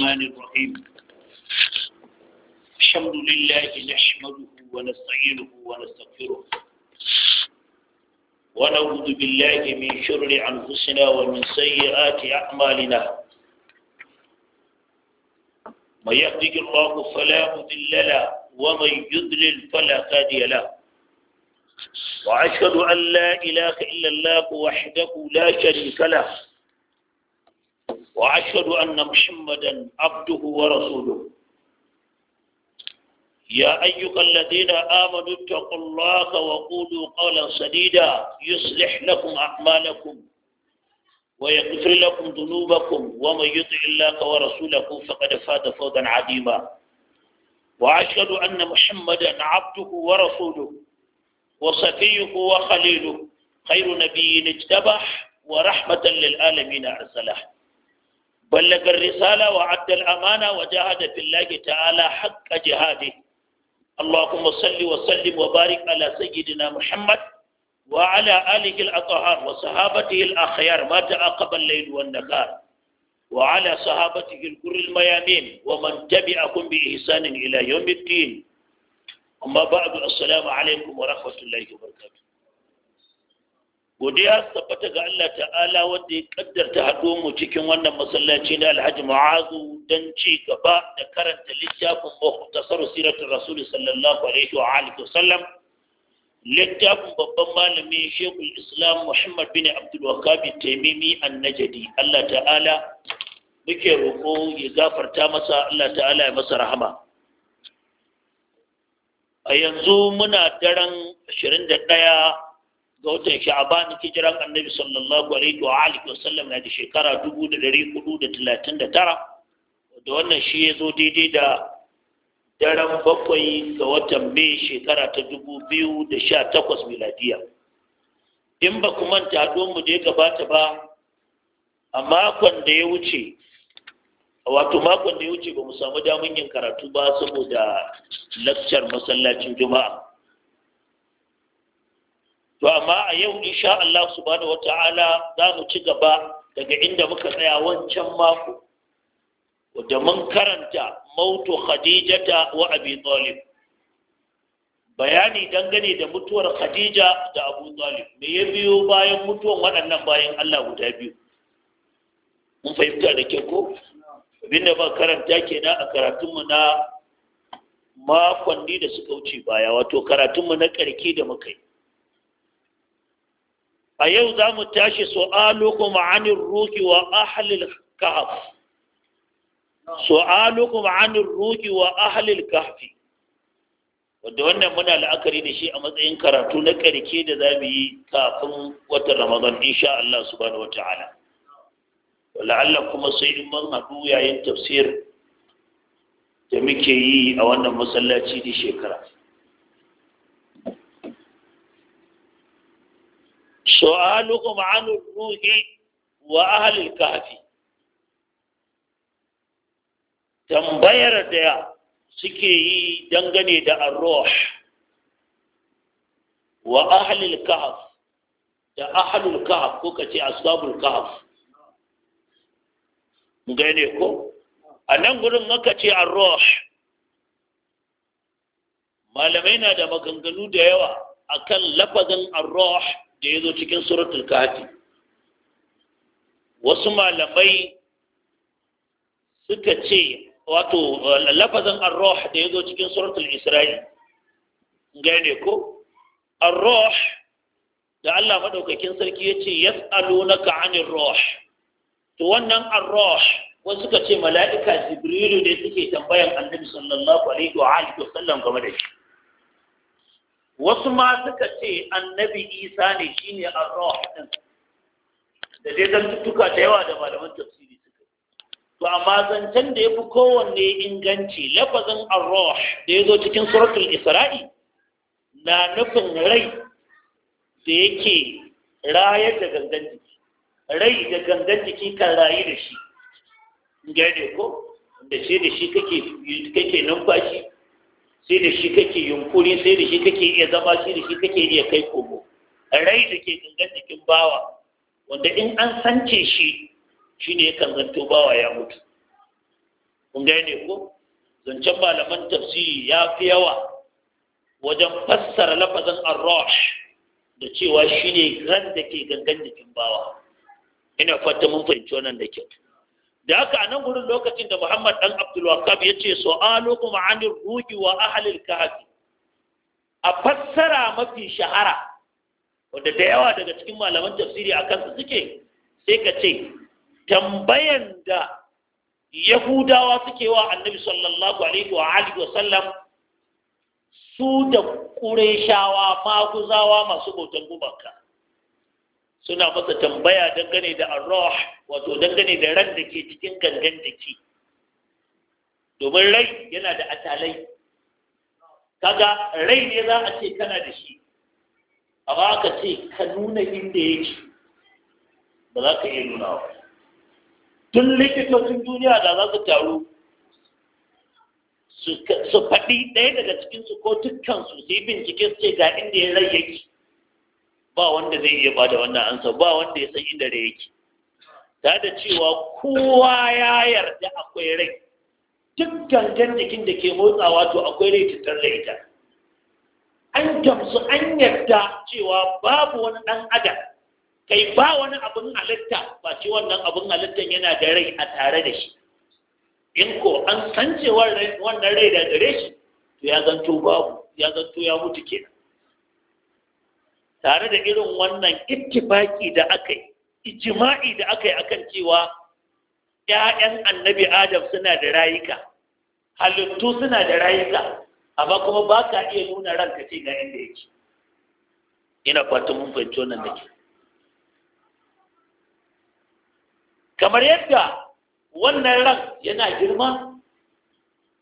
الرحمن الرحيم الحمد لله نحمده ونستعينه ونستغفره ونعوذ بالله من شر أنفسنا ومن سيئات أعمالنا من يهده الله فلا مضل له ومن يضلل فلا هادي له وأشهد أن لا إله إلا الله وحده لا شريك له وأشهد أن محمدا عبده ورسوله يا أيها الذين آمنوا اتقوا الله وقولوا قولا سديدا يصلح لكم أعمالكم ويغفر لكم ذنوبكم ومن يطع الله ورسوله فقد فاز فوزا عظيما وأشهد أن محمدا عبده ورسوله وصفيه وخليله خير نبي اجتبح ورحمة للعالمين أرسله بلغ الرسالة وعد الأمانة وجاهد في الله تعالى حق جهاده اللهم صل وسلم وبارك على سيدنا محمد وعلى آله الأطهار وصحابته الأخيار ما تعاقب الليل والنهار وعلى صحابته الكر الميامين ومن تبعهم بإحسان إلى يوم الدين أما بعد السلام عليكم ورحمة الله وبركاته godiya tabbata ga Allah ta'ala wanda ya kaddarta haɗo mu cikin wannan masallaci na Alhaji Mu'azu don ci gaba da karanta littafin Muhtasar Siratul Rasul sallallahu alaihi wa alihi wasallam littafin babban malami Sheikhul Islam Muhammad bin Abdul Wahhab Taimimi An-Najdi Allah ta'ala muke roƙo ya gafarta masa Allah ta'ala ya masa rahama a yanzu muna daren 21 ga watan bani hijiran annabi sallallahu alaihi wa alihi wa sallam na da shekara 1439 da wannan shi ya zo daidai da daren bakwai ga watan mai shekara ta 2018 miladiya in ba ku manta mu da ya gabata ba a makon da ya wuce wato makon da ya wuce ba mu samu damun yin karatu ba saboda lakcar masallacin juma'a to amma a yau insha Allah subhanahu wata'ala za mu ci gaba daga inda muka tsaya wancan mako da mun karanta mautu khadijata wa abi talib bayani dangane da mutuwar khadija da abu talib me ya biyo bayan mutuwan waɗannan bayan allah guda biyu mun fahimta da ke ko abinda ba karanta kenan a karatunmu na makonni da suka wuce baya wato karatunmu na ƙarki da muka yi a yau za mu tashi su'alukum anir ruki wa ahlil kahf su'alukum anir ruki wa ahalil kahfi wadda wannan muna la'akari da shi a matsayin karatu na karke da za mu yi kafin watan ramadan insha Allah subhanahu wata'ala la'alla kuma sai in mun haɗu yayin tafsir da muke yi a wannan masallaci da shekara su'alukum an ruhi wa ahli kafi tambayar da suke yi dangane da ar-ruh wa ahli kahf da ahlul kahf ko kace ashabul kahf gane ko a nan gurin maka ce ar malamai na da maganganu da yawa akan lafazin ar da ya zo cikin suratul kahfi wasu malamai suka ce wato lafazin arroh da ya zo cikin suratul isra'i gane ko arroh da Allah maɗaukakin sarki ya ce na anir roh to wannan arroh wasu suka ce mala'ika jibrilu ne suke tambayan annabi sallallahu alaihi wa alihi sallam game da shi wasu ma suka ce annabi isa ne shi shine arrah ɗin. da dai zantuttuka da yawa da malaman tafsiri suka to amma zancen da ya fi kowanne inganci lafazin arrah da ya zo cikin suratul isra'i na nufin rai da yake rayar da gangan jiki rai da gangan jiki kan rayu da shi gane ko da shi da shi kake numfashi sai da shi kake yunkuri sai da shi kake iya zama sai da shi kake iya kai komo rai da ke gangan jikin bawa wanda in an sance shi shi ne yakan zanto bawa ya mutu kun ne ko zancen malaman tafsiri ya fi yawa wajen fassara lafazan arrosh da cewa shine ran da ke gangan jikin bawa ina fata mun fahimci wannan da kyau da haka a nan gudun lokacin da muhammad dan abdul ya ce lokacin anir ruhi wa ahalil kafi a fassara mafi shahara wanda da yawa daga cikin malaman tafsiri a kansu suke sai ka ce tambayan da yahudawa suke wa annabi sallallahu alaihi wa alihi wa sallam su da ƙurashawa maguzawa masu bautan gubanka suna masa tambaya dangane da arroh wato dangane da ran da ke cikin gangan da ke domin rai yana da atalai kaga rai ne za a ce kana da shi amma aka ce ka nuna inda yake ba za ka iya nuna ba tun likitocin duniya da za su taru su faɗi ɗaya daga cikinsu ko tukkan su yi bincike su ce ga inda ya rai yake ba wanda zai iya bada wannan ansa ba wanda ya san inda da yake ta da cewa kowa ya yarda akwai rai duk gangan jikin da ke motsawa to akwai rai ta da ita an gamsu an yarda cewa babu wani ɗan adam kai ba wani abin halitta ba ce wannan abin halittar yana da rai a tare da shi in ko an san cewa wannan rai da gare shi to ya zanto babu ya zanto ya mutu kenan tare da irin wannan ittifaki da aka yi ijima'i da aka yi akan cewa ‘ya'yan annabi adam suna da rayuka halittu suna da rayuka amma kuma ba ka iya nuna ranka ce ga inda yake ina fatan mun fahimci wannan da ke kamar yadda wannan ran yana girma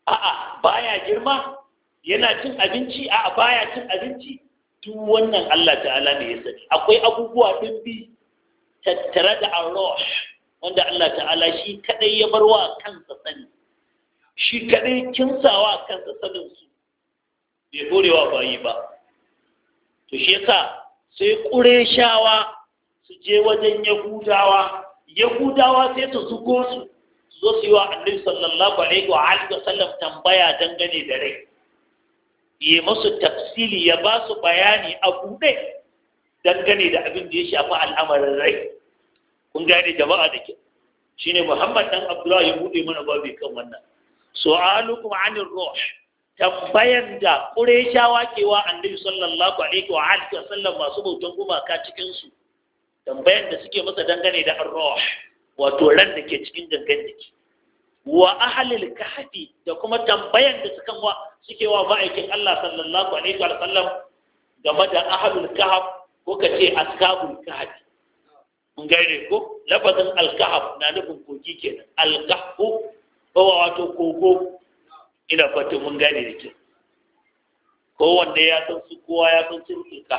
a'a baya girma yana cin abinci a'a baya cin abinci duk wannan Allah ta'ala ne ya sani akwai abubuwa ɗin bi tattare da arrosh wanda Allah ta'ala shi kaɗai ya bar wa kansa sani shi kadai kinsawa kansa sanin su bai dorewa bayi ba to shi yasa sai ƙureshawa su je wajen yahudawa yahudawa sai su zugo su zo su yi wa annabi sallallahu alaihi wa alihi Sallam tambaya dangane da rai ya masu tafsili ya ba su bayani a buɗe dangane da abin da ya shafi al'amarin rai kun gane jama'a da ke shi ne muhammad dan abdullahi ya buɗe mana babu kan wannan su'alukum anir ruh tambayar da qurayshawa kewa annabi sallallahu alaihi wa alihi wa sallam masu bautan gumaka cikin su da suke masa dangane da ar-ruh wato ran da ke cikin gangan jiki wa ahlil kahfi da kuma tambayan da suka wa suke wa ma'aikin Allah sallallahu alaihi wa sallam game da ahlul kahf ko kace ashabul kahf mun gane ko lafazin al-kahf na nufin kogi kenan al-kahfu ko wato kogo ina fata mun gane ke ko kowanne ya san su kowa ya san sirrin ka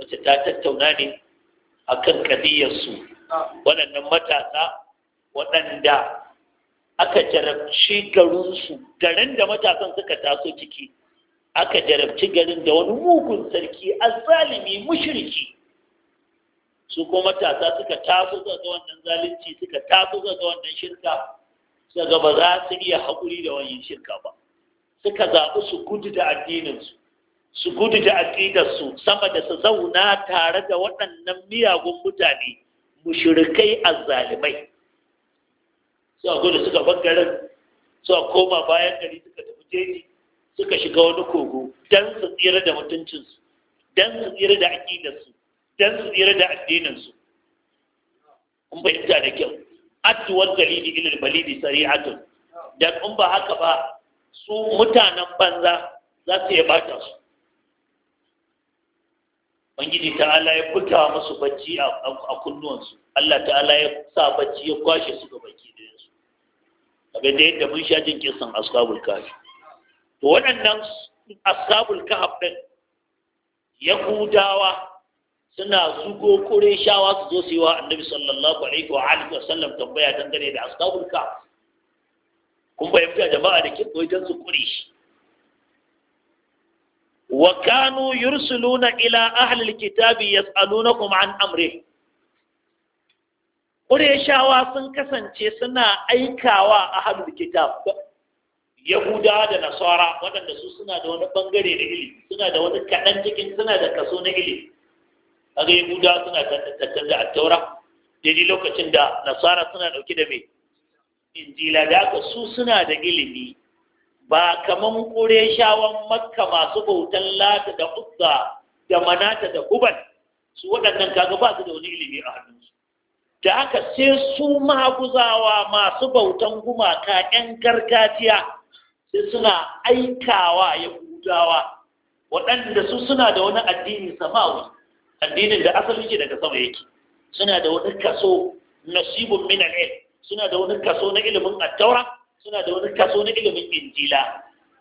wace ta tattauna ne akan su waɗannan matasa waɗanda aka jarabci garinsu garin da matasan suka taso ciki aka jarabci garin da wani mugun sarki azzalimi mushriki su kuma matasa suka taso ga wannan zalunci suka taso ga wannan shirka suka ba za su iya haƙuri da wannan shirka ba suka zaɓi su gudu da addininsu su gudu da aƙidarsu sama da su zauna tare da waɗannan miyagun mutane mushrikai azzalimai suka da suka bar garin suka koma bayan gari suka tafi jeji suka shiga wani kogo dan su tsira da mutuncinsu dan su tsira da aƙidarsu dan su tsira da addininsu kun fahimta da kyau addu'ar galidi ilil balidi sari'atun dan in ba haka ba su mutanen banza za su iya bata su Ubangiji ta'ala ya buta musu bacci a kunnuwansu Allah ta'ala ya sa bacci ya kwashe su ga baki kaga da yadda mun sha jin kisan ashabul kahf to waɗannan ashabul kahf din yahudawa suna zugo kore shawa su zo su yi wa annabi sallallahu alaihi wa alihi wa sallam tambaya dangane da ashabul kahf kun fahimta jama'a da ke koyi su kure shi wa kanu yursiluna ila ahli alkitabi yas'alunakum an amri ƙureshawa sun kasance suna aikawa a halin kitab yahuda da nasara waɗanda su suna da wani ɓangare na ili suna da wani kaɗan cikin suna da kaso na A kaga yahuda suna tattattun da attaura daidai lokacin da nasara suna ɗauki da mai injila da aka su suna da ilimi ba kaman ƙureshawan makka masu bautan lata da uzza da manata da kuban su waɗannan kaga ba su da wani ilimi a hannu da aka sai su maguzawa masu bautan gumaka 'yan gargajiya sai suna aikawa ya hudawa. waɗanda su suna da wani addini samawi addinin da asali ke daga sama yake suna da wani kaso na min al suna da wani kaso na ilimin attaura suna da wani kaso na ilimin injila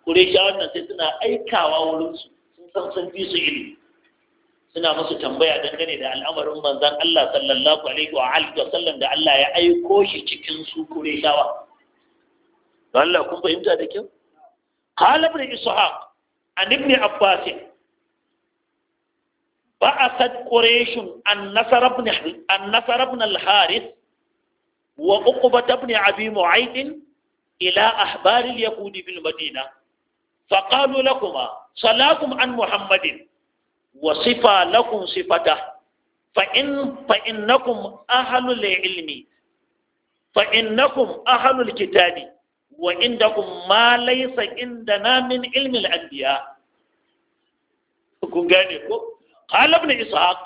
kureshawan nan sai suna aikawa wurinsu sun san sun fi su ilimi suna musu tambaya dangane da al'amarin manzan Allah sallallahu alaihi wa alihi wasallam da Allah ya aiko shi cikin su Qurayshawa Allah kun fahimta da kyau qala ibn ishaq an ibn abbas ba'athat quraish an nasar ibn an nasar ibn al harith wa uqbah ibn abi mu'ayd ila ahbar al yahud bil madina فقالوا لكما صلاكم عن محمد wa sifa lakum sifata fa in fa innakum ilmi fa innakum ahlul kitabi wa indakum ma laysa indana min ilmi al-anbiya kun gane ko qala ibn ishaq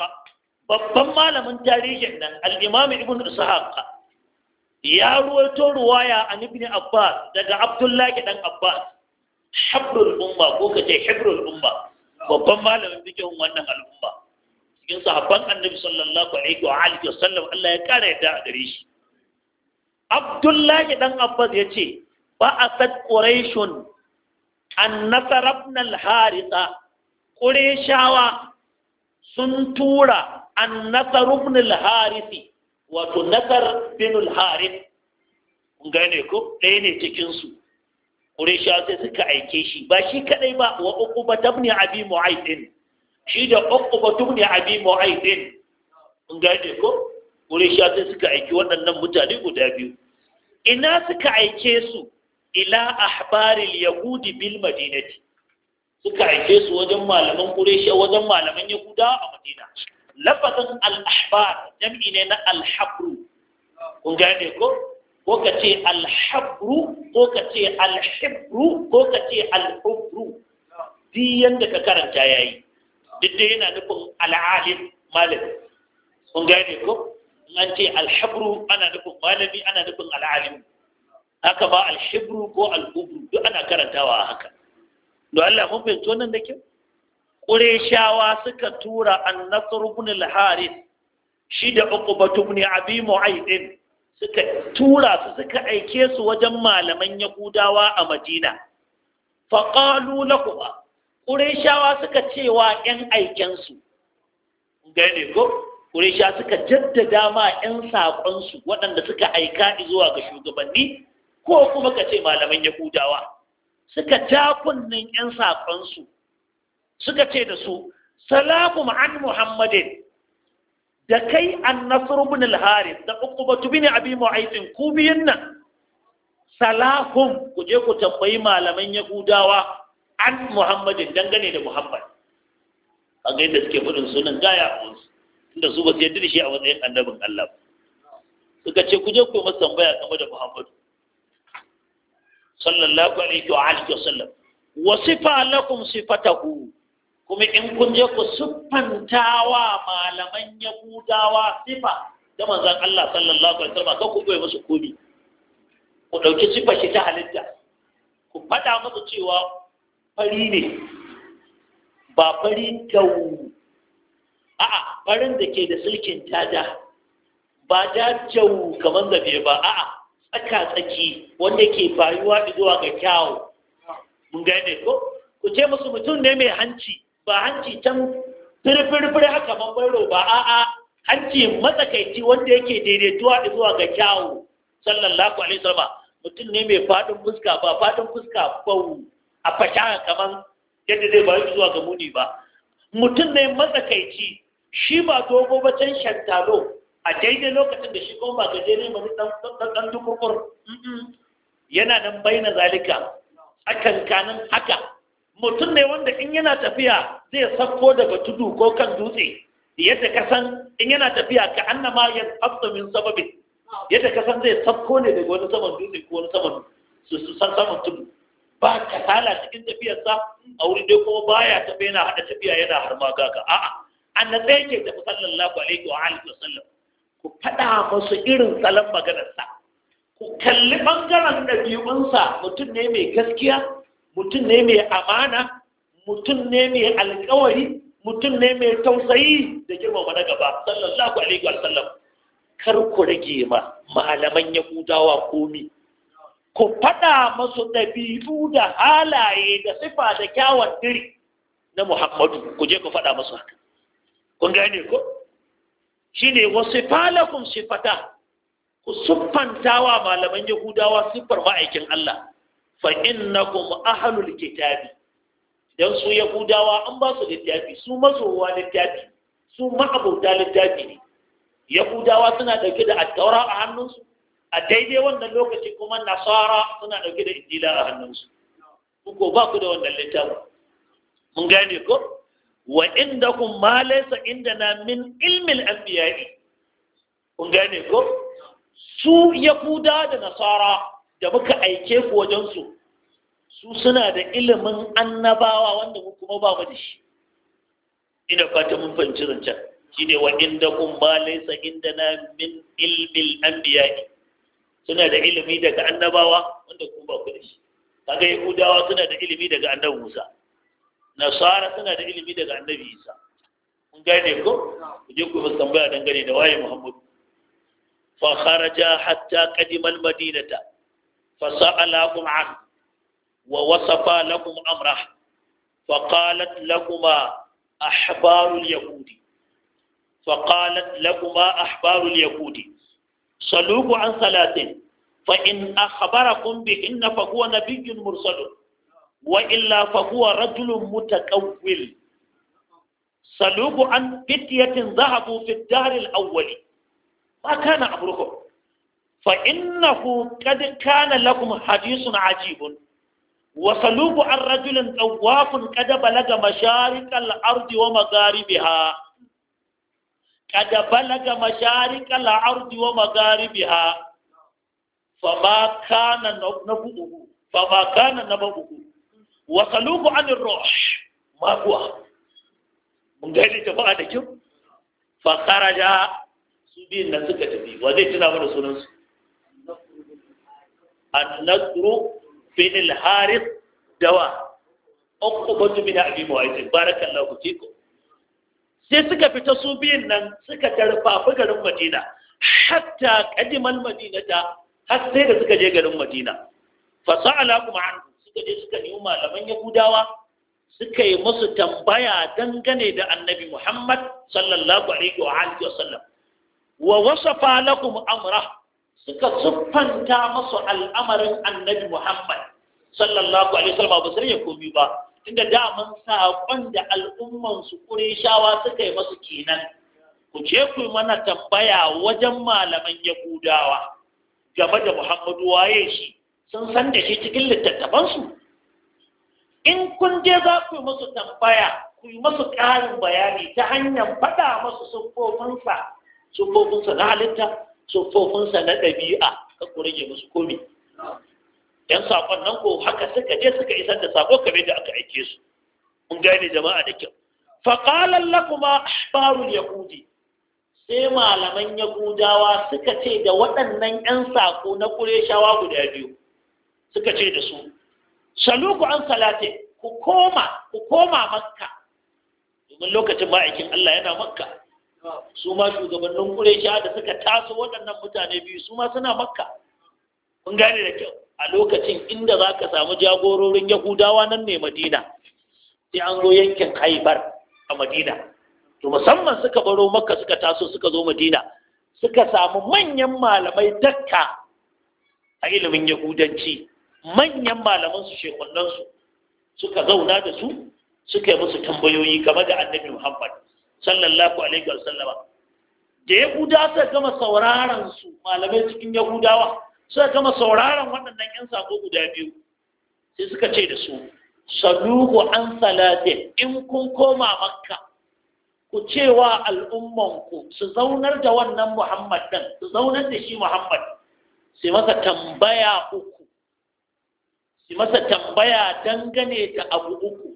babban malamin tarihin nan al-imam ibn ishaq ya ruwaito ruwaya an abba daga abdullahi dan abbas habrul ko kace babban malamin fikihun wannan al'umma cikin sahabban annabi sallallahu alaihi wa alihi wa sallam Allah ya kare ta a gare shi Abdullahi dan Abbas ya ce ba a sad quraishun an nasar ibn al-haritha qurayshawa sun tura an nasar ibn al-harithi wato nasar bin al-harith gane ko ɗaya ne cikin su Qurayshawa sai suka aike shi ba shi kadai ba wa Uqba ibn Abi Mu'ayth shi da Uqba ibn Abi Mu'ayth in gane ko Qurayshawa sai suka aiki waɗannan mutane guda biyu ina suka aike su ila ahbaril yahudi bil madinati suka aike su wajen malaman Qurayshawa wajen malaman Yahuda a Madina lafazin al-ahbar jam'i ne na al-habru kun gane ko ko ka ce alhabru ko ka ce alhibru ko ka ce alhubru duk yanda ka karanta yayi duk dai yana nufin al'alim malami kun gane ko an ce alhabru ana nufin malami ana nufin al'alim haka ba alhibru ko alhubru duk ana karantawa haka don Allah mun fahimci nan da kyau Qurayshawa suka tura an-Nasr ibn al-Harith shi da Uqbah ibn Abi Mu'ayd suka tura su suka aike su wajen malaman yahudawa a madina faƙalu lahuma ƙureshawa suka cewa 'yan aikensu gane ko ƙuresha suka jaddada ma 'yan saƙonsu waɗanda suka aika zuwa ga shugabanni ko kuma ka ce malaman yahudawa suka ja kunnen 'yan saƙonsu suka ce da su salamu an muhammadin da kai an nasiru bin al-haris da uqubatu bin abi mu'aytin ku biyun nan Salahun ku je ku tambayi malaman yahudawa an muhammadin dangane da muhammad a ga yadda suke faɗin sunan gaya musu tunda su ba su yarda da shi a matsayin annabin Allah suka ce ku je ku masa tambaya game da muhammad sallallahu alaihi wa alihi wa sallam wa sifa lakum sifatahu kuma in kun je ku siffantawa malaman yahudawa sifa da manzan Allah sallallahu alaihi wasallam ka ku bai musu komi ku dauki sifa shi ta halitta ku faɗa musu cewa fari ne ba fari tau a'a farin da ke da silkin tada ba da jau kamar da ba a'a tsaka tsaki wanda ke bayuwa zuwa ga kyawu mun gane ko ku ce musu mutum ne mai hanci ba hanci can firfirfir haka bambaro ba a'a hanci matsakaici wanda yake daidaituwa da zuwa ga kyawu sallallahu alaihi wasallam mutum ne mai fadin fuska ba fadin fuska bau a fasha kaman yadda zai bayu zuwa ga muni ba mutum ne matsakaici shi ba dogo ba can shantalo a daidai lokacin da shi kuma ba gajere ba dan dan dukurkur yana nan baina zalika akan kanin haka mutum ne wanda in yana tafiya zai sakko daga tudu ko kan dutse yadda kasan in yana tafiya ka annama ya tsafta min sababin yadda kasan zai sakko ne daga wani saman dutse ko wani saman su san saman tudu ba kasala cikin tafiyarsa a wuri dai kuma baya tafiya yana hada tafiya yana harma gaga a'a an na tsaye ke tafi sallallahu alaihi wa alihi wa sallam ku faɗa musu irin salon maganarsa ku kalli ɓangaren ɗabi'unsa mutum ne mai gaskiya mutum ne mai amana mutum ne mai alkawari mutum ne mai tausayi da girmama na gaba sallallahu alaihi wa sallam kar ku rage ma malaman yahudawa komi ku faɗa masu ɗabi'u da halaye da sifa da kyawun diri na muhammadu ku je ku faɗa masu haka kun gane ko ne wasu falakun sifata ku siffanta wa malaman yahudawa siffar ma'aikin allah fa innakum ahlul kitabi dan su yahudawa an ba su littafi su mazowa littafi su ma'abauta littafi ne yahudawa suna ɗauke da attaura a hannunsu a daidai wannan lokaci kuma nasara suna ɗauke da injila a hannunsu ko ba ku da wannan littafi. mun gane ko wa kun ma inda na min ilmil anbiya'i kun gane ko su yahuda da nasara da muka aike ku wajensu su suna da ilimin annabawa wanda mu kuma ba mu da shi ina fata mun fahimci zancen shi ne wa inda kun ba laisa inda na min ilmil anbiya suna da ilimi daga annabawa wanda kuma ba ku da shi kaga yahudawa suna da ilimi daga annabi musa nasara suna da ilimi daga annabi isa mun gane ko ku je ku musu tambaya dangane da waye muhammadu fa kharaja hatta qadima al-madinata فسألكم عنه ووصف لهم أمره فقالت لهما أحبار اليهود فقالت لهما أحبار اليهود صلوه عن ثلاث فإن أخبركم بهن فهو نبي مرسل وإلا فهو رجل متكول صلوه عن فتية ذهبوا في الدار الأول ما كان أمرهم fa innahu qad kana lakum hadithun ajibun وصلوب عن رجل طواف قد بلغ مشارق الأرض ومغاربها قد بلغ مشارق الأرض ومغاربها فما كان نبؤه فما كان نبؤه وصلوب عن الروح ما هو من غير جماعة فخرج سبيل نسكة بي وذي تنامر سنسك annasru fi'il harith dawa uqbatu min abi mu'ayyid barakallahu fiku sai suka fita su biyun nan suka tarfafi garin Madina hatta qadimal madinata har sai da suka je garin Madina fa sa'ala kuma an suka je suka nemi malaman Yahudawa suka yi musu tambaya dangane da Annabi Muhammad sallallahu alaihi wa alihi wa sallam wa wasafa lakum amra suka siffanta masu al'amarin annabi Muhammad sallallahu alaihi wasallam ba su rage komi ba tunda daman saƙon da al'umman su shawa suka yi masu kenan ku je ku mana tambaya wajen malaman yahudawa game da Muhammadu waye shi sun san da shi cikin littattafansu in kun je za ku yi masu tambaya ku yi masu ƙarin bayani ta hanyar faɗa masu siffofinsa siffofinsa na halitta tsofofinsa na ɗabi'a ka ku rage musu komi yan saƙon nan ko haka suka je suka isar da saƙo kamar da aka aike su mun gane jama'a da kyau faƙalan lakuma ahbarun yahudi sai malaman yahudawa suka ce da waɗannan yan saƙo na ƙureshawa guda biyu suka ce da su saluku an salate ku koma ku koma makka domin lokacin ma'aikin Allah yana makka su ma shugabannin ƙuresha da suka taso waɗannan mutane biyu su ma suna makka kun gane da kyau a lokacin inda za ka samu jagororin yahudawa nan ne madina sai an zo yankin haibar a madina to musamman suka baro makka suka taso suka zo madina suka samu manyan malamai dakka a ilimin yahudanci manyan malaman su suka zauna da su suka yi musu tambayoyi game da annabi muhammad sallallahu alaihi wa da yahudawa suka gama sauraron su malamai cikin yahudawa suka gama sauraron waɗannan yan sako guda biyu sai suka ce da su saluhu an salatin in kun koma makka ku cewa al'ummanku su zaunar da wannan muhammad dan? su zaunar da shi muhammad sai masa tambaya uku sai masa tambaya dangane da abu uku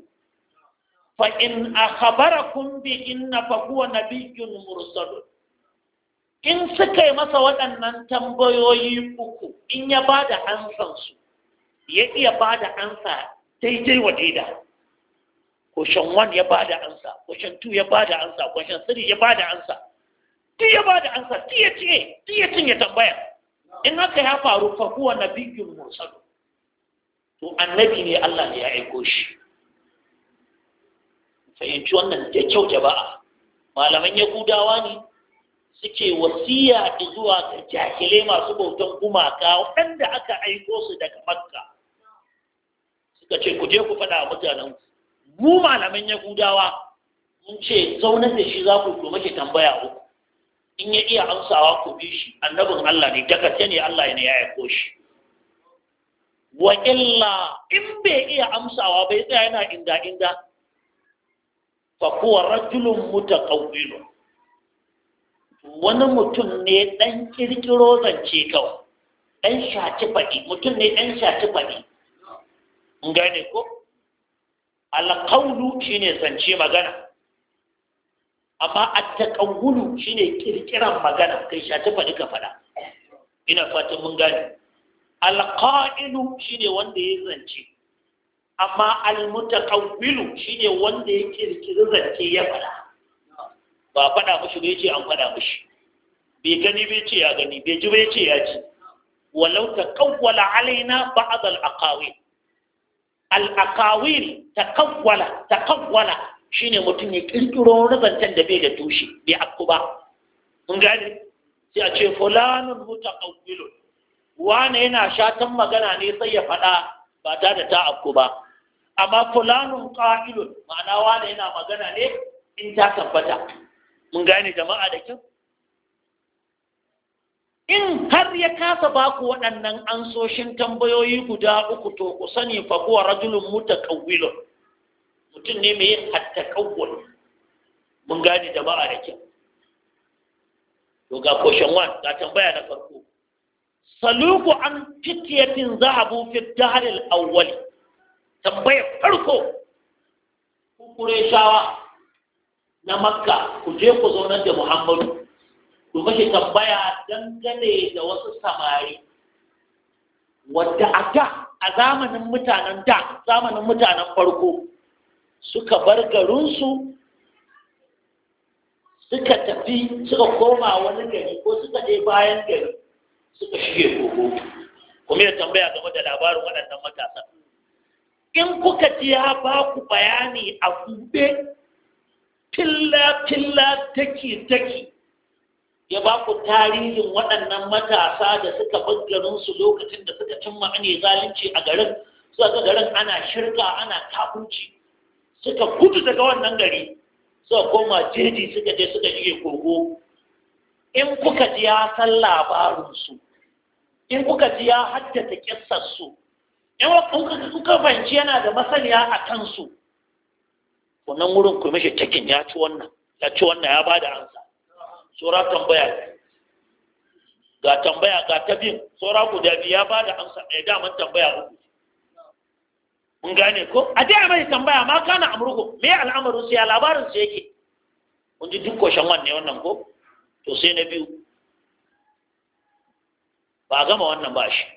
fa in akhbarakum bi inna fa huwa nabiyyun in suka yi masa waɗannan tambayoyi uku in ya ba da ansansu ya iya ba da ansa daidai wa daida question one ya ba da ansa question two ya ba da ansa question three ya ba da ansa duk ya ba da ansa duk ya ce duk ya cinye tambaya in haka ya faru fa huwa nabiyyun to annabi ne Allah ne ya aiko shi fahimci wannan da kyau jama'a malaman yahudawa ne suke wasiya zuwa ga jahilai masu bautan gumaka waɗanda aka aiko su daga makka suka ce ku je ku faɗa mutanen mu malaman yahudawa mun ce zaunar da shi za ku kuma make tambaya uku in ya iya amsawa ku bi shi annabin Allah ne daga ne Allah ne ya aiko shi wa illa in bai iya amsawa bai tsaya yana inda inda fa rajulun rajulun mutaqawwilun wani mutum ne ɗan ƙirƙiro zance kawai ɗan shaci faɗi mutum ne ɗan shaci faɗi gane ko alƙaunu ne zance magana amma shi ne ƙirƙiran magana kai shaci faɗi ka faɗa ina fatan mun gane shi ne wanda ya zance amma almutakawwilu shine wanda yake kirkiri zance ya fara. ba fada mushi ba yace an faɗa mushi bai gani bai ce ya gani bai ji bai ce ya ji walau taqawwala alaina ba'd al-aqawil al-aqawil takawwala takawwala shine mutum ya kirkiro rubantan da bai da tushe bai akku ba kun gani sai a ce fulanun mutakawwilun wane yana shatan magana ne sai ya faɗa ba ta da ta akku ba amma fulanun qa'ilun ma'ana wani yana magana ne in ta tabbata mun gane jama'a da kyau in har ya kasa baku waɗannan ansoshin tambayoyi guda uku to ku sani fa kuwa rajulun mutakawwilun mutum ne mai hatta kawwal mun gane jama'a da kyau to ga question 1 ga tambaya na farko saluku an fitiyatin zahabu fi dahril awwali tambayar farko ku shawa na makka ku je ku zaunar da muhammadu ku mashi tambaya dangane da wasu samari wadda a da a zamanin mutanen da zamanin mutanen farko suka bar garinsu suka tafi suka koma wani gari ko suka je bayan gari suka shige kogo kuma ya tambaya game da labarin waɗannan matasa. in kuka ji ya ba ku bayani a buɗe filla-filla take-take ya ba ku tarihin waɗannan matasa da suka bangarin su lokacin da suka cimma ma'ani zalunci a garin suka ga garin ana shirka ana kafunci suka gudu daga wannan gari suka koma jeji suka je suka iya kogo in kuka ji ya san labarinsu in kuka ji ya haddata kissarsu in kuka fahimci yana da masaniya a kansu wannan wurin ku mishi cikin ya ci wannan ya ci wannan ya bada ansa tsora tambaya ga tambaya ga ta bin tsora guda biyu ya bada ansa mai daman tambaya uku mun gane ko a dai a mai tambaya ma kana amurko me al'amarin su ya labarin su yake mun ji duk koshin wanne wannan ko to sai na biyu ba gama wannan ba shi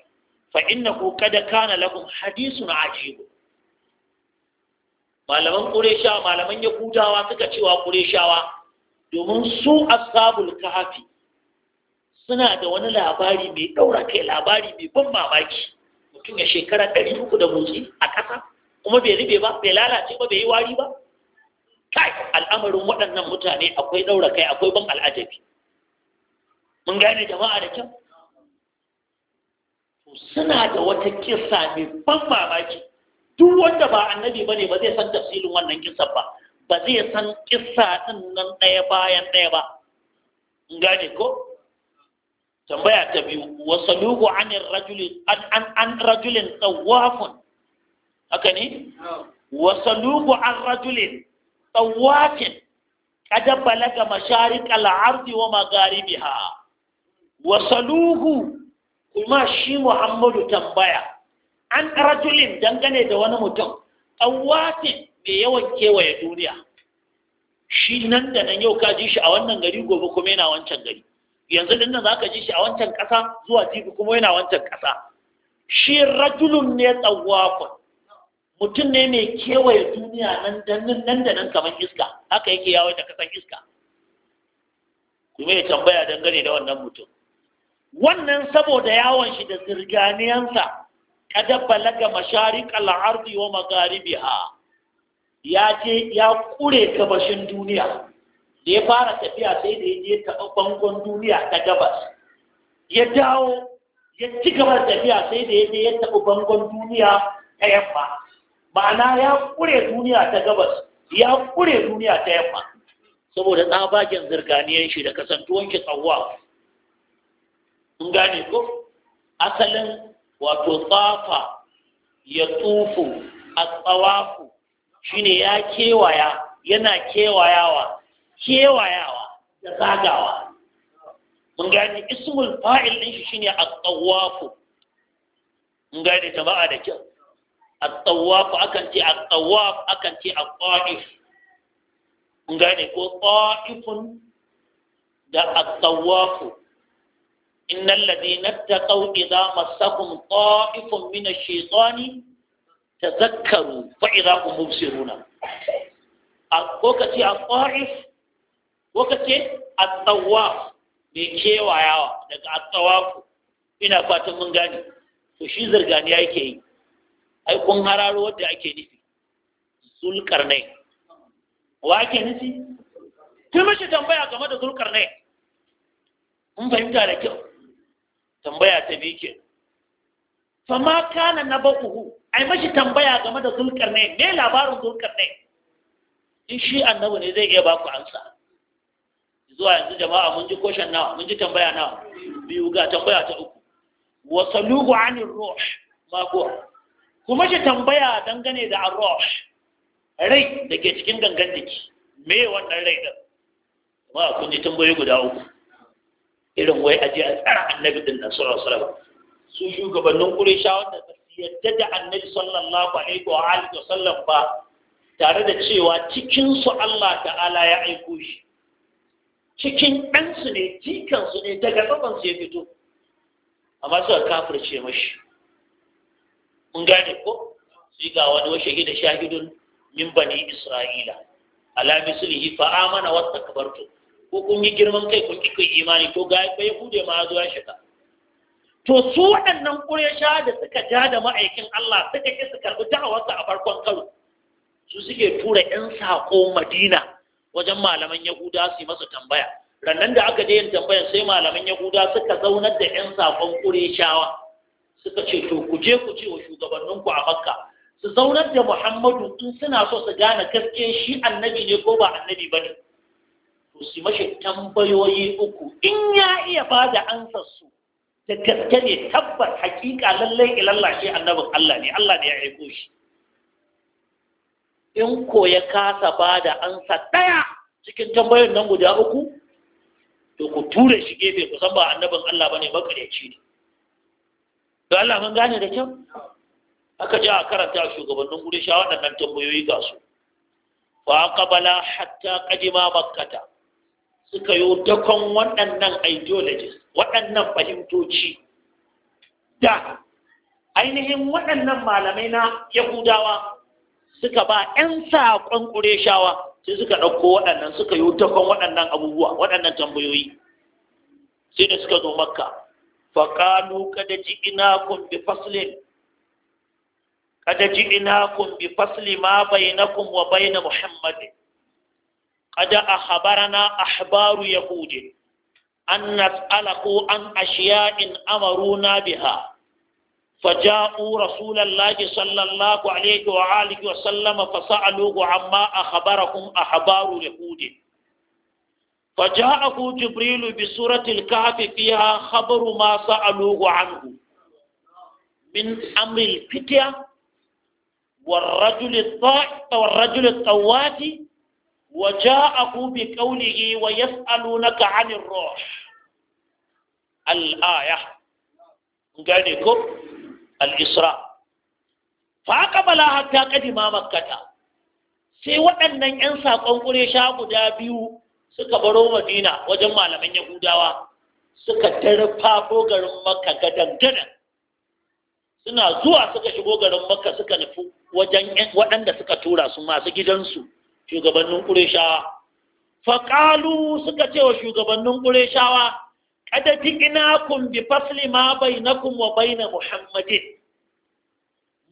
fa innahu qad kana lahum hadithun ajib malaman qurayshawa malaman yahudawa suka cewa qurayshawa domin su ashabul kahfi suna da wani labari mai daura kai labari mai ban mamaki mutum ya shekara ɗari uku da motsi a ƙasa kuma bai rube ba bai lalace ba bai yi wari ba kai al'amarin waɗannan mutane akwai ɗaura kai akwai ban al'ajabi mun gane jama'a da kyau suna da wata kisa mai ban mamaki duk wanda ba annabi bane ba zai san tafsirin wannan kisan ba ba zai san kisa din nan ɗaya bayan ɗaya ba in gane ko tambaya ta biyu wa saluhu an rajulin an an rajulin tawafun haka ne wa saluhu an rajulin tawafin قد بلغ مشارق الأرض ومغاربها وصلوه kuma shi muhammadu tambaya an rajulin dangane da wani mutum ɗawatin mai yawan kewaye duniya shi nan da nan yau ka ji shi a wannan gari gobe kuma yana wancan gari yanzu din nan zaka ji shi a wancan ƙasa zuwa jibi kuma yana wancan ƙasa shi rajulun ne tsawafin mutum ne mai kewaye duniya nan da nan da nan kamar iska haka yake yawo da kasan iska kuma ya tambaya dangane da wannan mutum wannan saboda yawon shi da zirganiyansa kada balaga masharik al'ardi wa ha ya ce ya kure gabashin duniya da ya fara tafiya sai da ya je taɓa bangon duniya ta gabas ya dawo ya ci gaba da tafiya sai da ya je ya taɓa bangon duniya ta yamma ma'ana ya kure duniya ta gabas ya kure duniya ta yamma saboda tsabagen zirganiyan shi da kasantuwan ki tsawwa mun gane ko asalin wato tsafa ya tufu a tsawafu shine ya kewaya yana kewayawa kewayawa da zagawa mun gane ismul fa'il din shi shine at-tawafu mun gane jama'a da kyau at-tawafu akan ce at-tawaf akan ce at-ta'if mun gane ko ta'ifun da at-tawafu innal ladina taqaw idza massakum ta'ifun min ash-shaytani tazakkaru fa idza hum mubsiruna ko kace at-ta'if ko a at-tawaf me kewayawa daga at-tawaf ina fatan mun gani. to shi zarganiya ke yi ai kun hararo wanda ke nufi nai. wa ke nufi kai mace tambaya game da nai. mun fahimta da kyau tambaya ta biyu ke fama kana na bakuhu ai mashi tambaya game da zulkar ne me labarin zulkar ne in shi annabi ne zai iya baku ansa zuwa yanzu jama'a mun ji koshan nawa mun ji tambaya nawa biyu ga tambaya ta uku wa saluhu anir ruh ko kuma shi tambaya dangane da ar-ruh rai da ke cikin gangan jiki me wannan rai din jama'a kun ji tambayoyi guda uku irin wai aje a tsara annabi din nan sallallahu alaihi wasallam su shugabannin quraisha wanda ba su yadda da annabi sallallahu alaihi wa alihi wasallam ba tare da cewa cikin su Allah ta'ala ya aiko shi cikin ɗansu ne su ne daga su ya fito amma suka kafirce mashi mun gane ko sai ga wani washe gida shahidun min bani isra'ila ala mislihi fa amana wa takbartu ko kun yi girman kai kun kika yi imani ko ga ya bude ma zo ya shiga to su waɗannan ƙuresha da suka ja da ma'aikin Allah suka ƙi su karɓi da'awarsa a farkon karo su suke tura 'yan saƙo Madina wajen malaman Yahuda su yi masa tambaya rannan da aka je yin tambayan sai malaman Yahuda suka zaunar da 'yan saƙon ƙureshawa suka ce to ku je ku ce wa shugabanninku a Makka su zaunar da Muhammadu in suna so su gane gaskiyar shi annabi ne ko ba annabi ba ne. Ku su mashi tambayoyi uku in ya iya ba da ansar su da gaske ne tabbar hakika lallai ilallah shi annabin Allah ne Allah ne ya aiko shi in ko ya kasa ba da ansa ɗaya cikin tambayoyin nan guda uku to ku ture shi gefe ku san ba annabin Allah bane makareci ne to Allah mun gane da kyau aka ji a karanta shugabannin guri sha waɗannan tambayoyi ga su fa qabala hatta qadima makkata suka yi dakon waɗannan ideologies waɗannan fahimtoci da ainihin waɗannan malamai na yahudawa suka ba 'yan saƙon ƙureshawa sai suka ɗauko waɗannan suka yi dakon waɗannan abubuwa waɗannan tambayoyi sai da suka zo makka faƙanu kada kun bi faslin kada kun bi fasli ma bai na kun wa na muhammadin قد أخبرنا أحبار يهود أن نسأله عن أشياء أمرونا بها فجاءوا رسول الله صلى الله عليه وآله وسلم فسألوه عما أخبرهم أحبار يهود فجاءه جبريل بسورة الكهف فيها خبر ما سألوه عنه من أمر الفتية والرجل الطائف والرجل الطوافي wa a bi qawlihi wa yas'alunaka 'anil ruh al-aya gane ko al-isra fa qabala hatta qadima makkata sai waɗannan 'yan saƙon ƙuresha guda biyu suka baro madina wajen malaman yahudawa suka tarfafo garin makka gadangadan suna zuwa suka shigo garin makka suka nufi wajen waɗanda suka tura su masu gidansu shugabannin ƙureshawa faƙalu suka ce wa shugabannin ƙureshawa ƙada jikina kun bi fasli ma bai na kun wa bai na muhammadin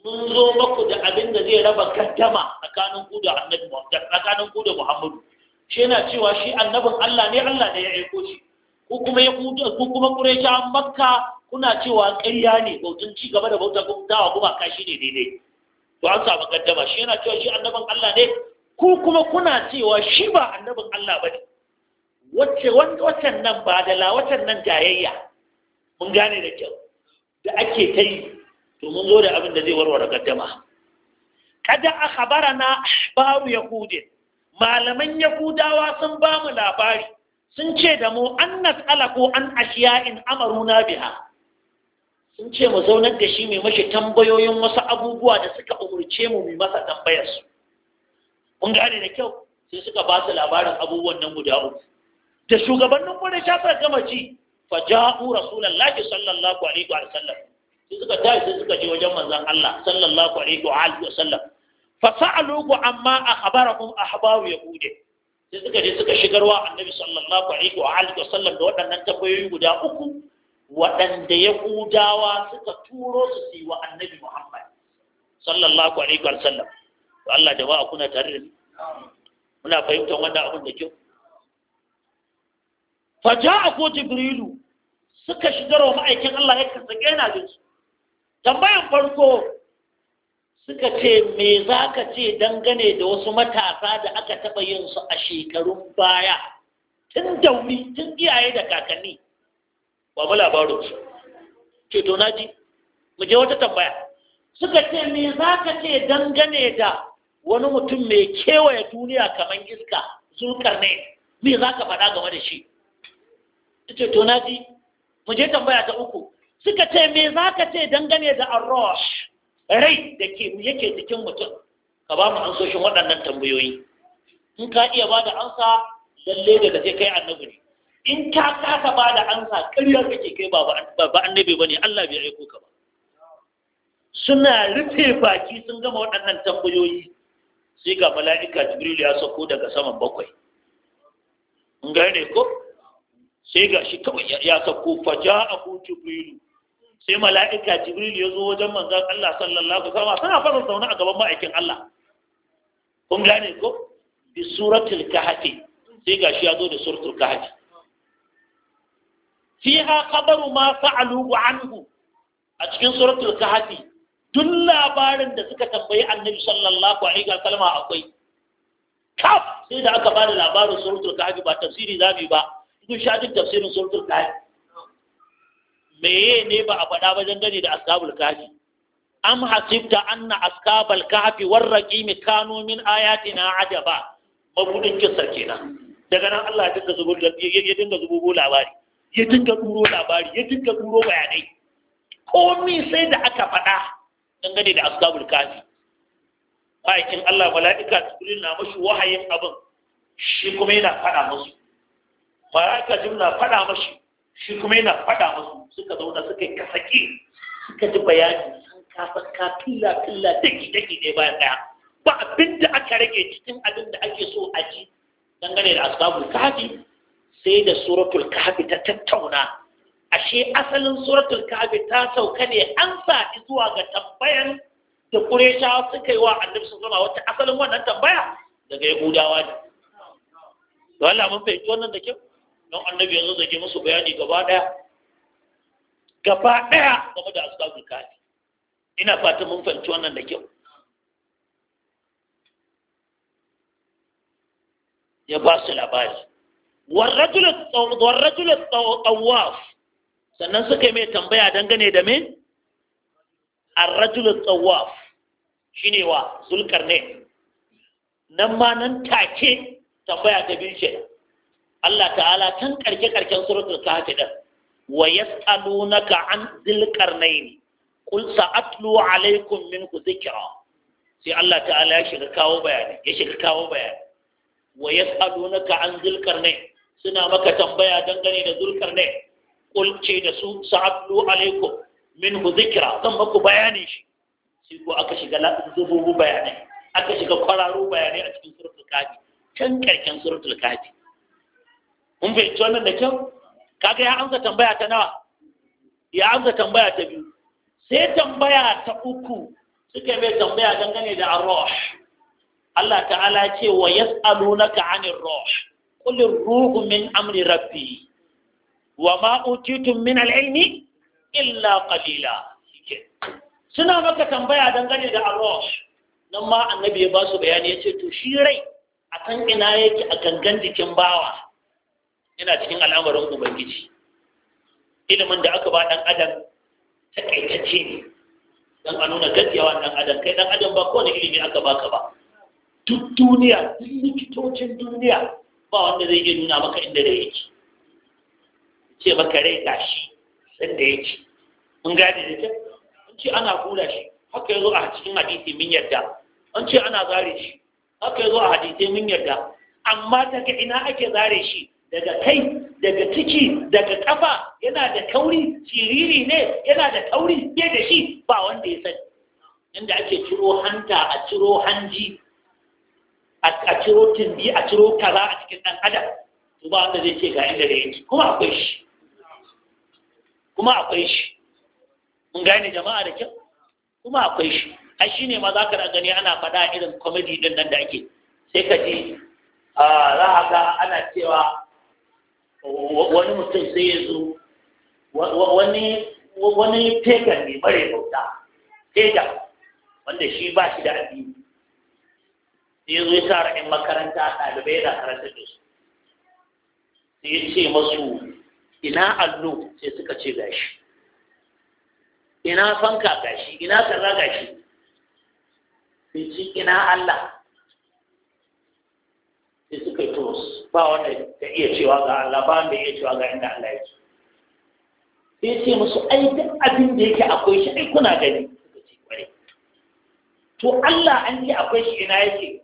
mun zo maku da abin da zai raba kaddama tsakanin ku da annabi tsakanin ku da muhammadu shi yana cewa shi annabin allah ne allah ne ya aiko shi ku kuma ya ku kuma ƙureshawan makka kuna cewa ƙarya ne bautun ci gaba da bauta kuma dawa kuma kashi ne daidai to an samu kaddama shi yana cewa shi annabin Allah ne ku kuma kuna cewa shi ba annabin Allah ba ne wacce nan ba da la waccan nan jayayya mun gane da kyau da ake ta yi to mun zo da abin da zai warware gaddama kada a habara na ahbaru yahudin malaman yahudawa sun ba mu labari sun ce da mu an nas'ala ko an ashiya'in amaruna biha sun ce mu zaunar da shi mai mashi tambayoyin wasu abubuwa da suka umurce mu mai masa tambayarsu mun gane da kyau sai suka ba su labarin abubuwan nan guda uku da shugabannin kwarai shafar gama ci fa ja'u rasulullahi sallallahu alaihi wa sallam sai suka tashi sai suka je wajen manzon Allah sallallahu alaihi wa alihi wa sallam fa sa'aluhu amma akhbarakum ahbaru yahudi sai suka je suka shigarwa annabi sallallahu alaihi wa alihi wa sallam da waɗannan tafayoyi guda uku waɗanda yahudawa suka turo su su yi wa annabi muhammad sallallahu alaihi wa sallam to Allah jama'a kuna tare da ni muna fahimtar wannan abin da kyau ja'a ko jibrilu suka shigar wa ma'aikin Allah ya kasance yana da su tambayan farko suka ce me za ka ce dangane da wasu matasa da aka taɓa yin su a shekarun baya tun dauri tun iyaye da kakanni ba mu labarin su ce to naji ji mu je wata tambaya suka ce me za ka ce dangane da wani mutum mai kewaye duniya kamar iska zurkar ne me za ka faɗa game da shi ce to na ji mu je tambaya ta uku suka ce me za ka ce dangane da arrosh rai da ke yake cikin mutum ka ba mu ansoshin waɗannan tambayoyi in ka iya ba da ansa lalle daga sai kai annabi in ka kasa ba da ansa ƙarya kake kai ba annabi ba ne Allah bai aiko ka ba suna rufe baki sun gama waɗannan tambayoyi sai ga mala'ika jibril ya sauko daga saman bakwai in gane ko sai ga shi kawai ya sauko faja abu Jibril. sai mala'ika jibril ya zo wajen manzan Allah sallallahu alaihi wasallam suna fara zaune a gaban ma'aikin Allah kun gane ko bi suratul kahfi sai gashi ya zo da suratul kahfi fiha khabaru ma fa'alu anhu a cikin suratul kahfi duk labarin da suka tambayi annabi sallallahu alaihi wa sallama akwai kaf sai da aka bada labarin suratul kahfi ba tafsiri zamu ba duk sha duk tafsirin suratul kahfi meye ne ba a faɗa ba dangane da ashabul kahfi am hasibta anna ashabal kahfi warraqimi kanu min ayatina ajaba mabudin kisar kenan daga nan Allah ya dinga zubo ya dinga zubo labari ya dinga duro labari ya dinga duro bayanai komi sai da aka faɗa dangane da ashabul kafi ma'aikin Allah mala'ika kuri na mashi wahayin abin shi kuma yana faɗa masu, mala'ika jim na faɗa mashi shi kuma yana faɗa masu suka zauna suka yi kasaki, suka ji bayani san kafa ka filla filla daki daki ne bayan daya ba abin da aka rage cikin abin da ake so a ji dangane da ashabul kafi sai da suratul kafi ta tattauna ashe asalin suratul kabe ta sauka ne an sa zuwa ga tambayan da kuresha suka yi wa annabi sun zama wata asalin wannan tambaya daga yahudawa ne to Allah mun fahimci wannan da kyau don annabi yanzu zage musu bayani gaba daya gaba daya game da asalin kafi ina fata mun fahimci wannan da kyau ya ba su labari warrajul tawaf sannan suka yi mai tambaya dangane da min ar tsawaf. tawaf shine wa ne? nan ma nan take tambaya ta biyu Allah ta'ala tun karke karken suratul kahfi din wa yas'alunaka an zulkarnain qul sa'atlu alaykum ku dhikra sai Allah ta'ala ya shiga kawo bayani ya shiga kawo bayani wa yas'alunaka an zulkarnain suna maka tambaya dangane da zulkarnain kulce da su sa'addu alaikum min zikira zan maku bayanin shi sai ko aka shiga zububu bayanai aka shiga kwararo bayanai a cikin suratul kafi can karken suratul kafi mun bai ci wannan da kyau kaga ya amsa tambaya ta nawa ya amsa tambaya ta biyu sai tambaya ta uku suka mai tambaya dangane da ar-ruh Allah ta'ala ce wa yas'alunaka 'anir ruh qul ar-ruhu min amri rabbi wa ma utitum min al illa qalila suna maka tambaya dangane da arwash nan ma annabi ya ba su bayani ya ce to shi rai a kan ina yake a gangan jikin bawa yana cikin al'amarin ubangiji ilimin da aka ba ɗan adam takaitacce ne don a nuna gajiyawa ɗan adam kai ɗan adam ba kowane ilimi aka ka ba duk duniya duk likitocin duniya ba wanda zai iya nuna maka inda da yake ce maka rai gashi sanda ya ci mun gane da kyau an ce ana hura shi haka ya zo a cikin hadisi mun yarda an ce ana zare shi haka ya zo a hadisi mun yarda amma daga ina ake zare shi daga kai daga ciki daga kafa yana da kauri siriri ne yana da kauri fiye da shi ba wanda ya sani inda ake ciro hanta a ciro hanji a ciro tumbi a ciro kaza a cikin dan adam ba wanda zai ce ga inda da yake kuma akwai shi kuma akwai shi mun gane jama'a da kyau kuma akwai shi ai shine ma za ka gani ana faɗa irin comedy din nan da ake sai ka ji za a ga ana cewa wani mutum sai ya zo wani pagan ne mare bauta pagan wanda shi ba shi da addini sai ya zo ya sa ra'in makaranta ɗalibai da karanta da su sai ya ce masu ina allo sai suka ce gashi ina fanka gashi ina kaza gashi sai ce ina Allah sai suka yi tos ba wanda ya iya cewa ga Allah ba wanda ya iya cewa ga inda Allah yake sai ce musu ai duk abin da yake akwai shi ai kuna gani suka ce kware to Allah an ce akwai shi ina yake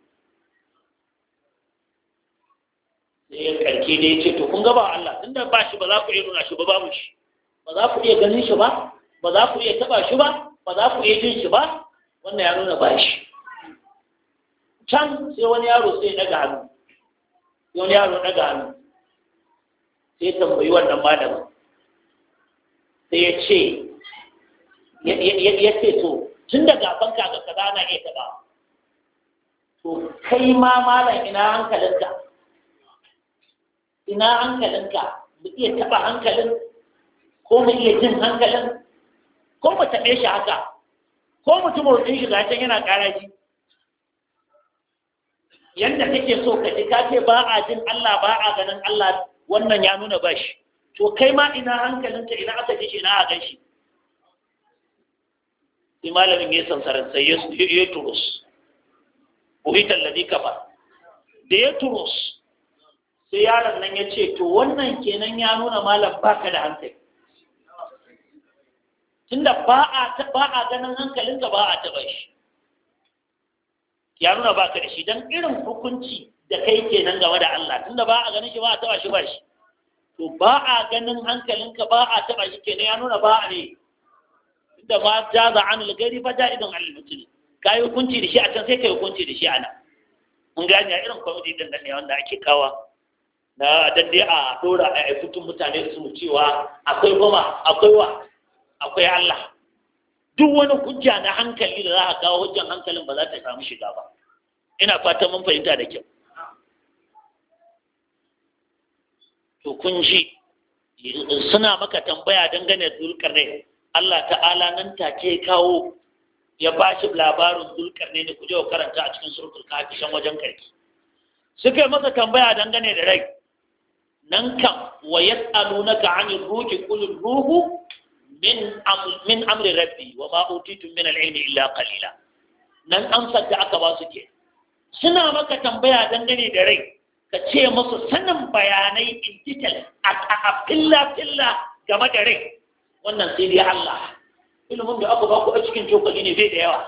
sai karke da ya ce to kun ga ba Allah tunda ba shi ba za ku iya nuna shi ba babu shi ba za ku iya ganin shi ba ba za ku iya taba shi ba ba za ku iya jin shi ba wannan ya nuna ba shi can sai wani yaro sai ya daga hannu sai wani yaro daga hannu sai ya tambayi wannan malamin sai ya ce ya ce to tun da gaban ka ga kaza na iya taba to kai ma malam ina hankalinka ina hankalinka mu iya taɓa hankalin ko mu iya jin hankalin ko mu taɓe shi haka ko mutum motsin shi can yana ƙara ji yadda kake so ka ji ka ce ba a jin Allah ba a ganin Allah wannan ya nuna ba shi to kai ma ina hankalinka ina aka ji shi ina a gan shi sai malamin ya sansarin sai ya turus uhitar da kafa da ya turus sai yaron nan ya ce to wannan kenan ya nuna malam baka da hankali tunda ba a ganin hankalinka ba a taɓa shi ya nuna baka da shi don irin hukunci da kai kenan game da Allah tunda ba a ganin shi ba a taɓa shi ba shi to ba a ganin hankalinka ba a taɓa shi kenan ya nuna ba a ne tunda ma jaza anil gari fa ja'idun alil mutuni kai hukunci da shi a can sai kai hukunci da shi a nan mun gane irin kwamiti din nan ne wanda ake kawa na dande a dora a aikutun mutane su cewa akwai goma akwai wa akwai Allah duk wani hujja na hankali da za a kawo hujjan hankalin ba za ta samu shiga ba ina fatan mun fahimta da kyau to kun ji suna maka tambaya dangane da zulkarnain Allah ta'ala nan take kawo ya ba shi labarin ne ku kuje karanta a cikin surkul kafi shan wajen karki suka yi masa tambaya dangane da rai nan kan wa yas'alunaka 'anil ruhi qul ruhu min min amri rabbi wa ma utitum min al illa Kalila. nan amsar da aka ba su ke suna maka tambaya dangane da rai ka ce musu sanin bayanai in detail a filla filla game da rai wannan sai dai Allah ilimin da aka baku a cikin cokali ne bai da yawa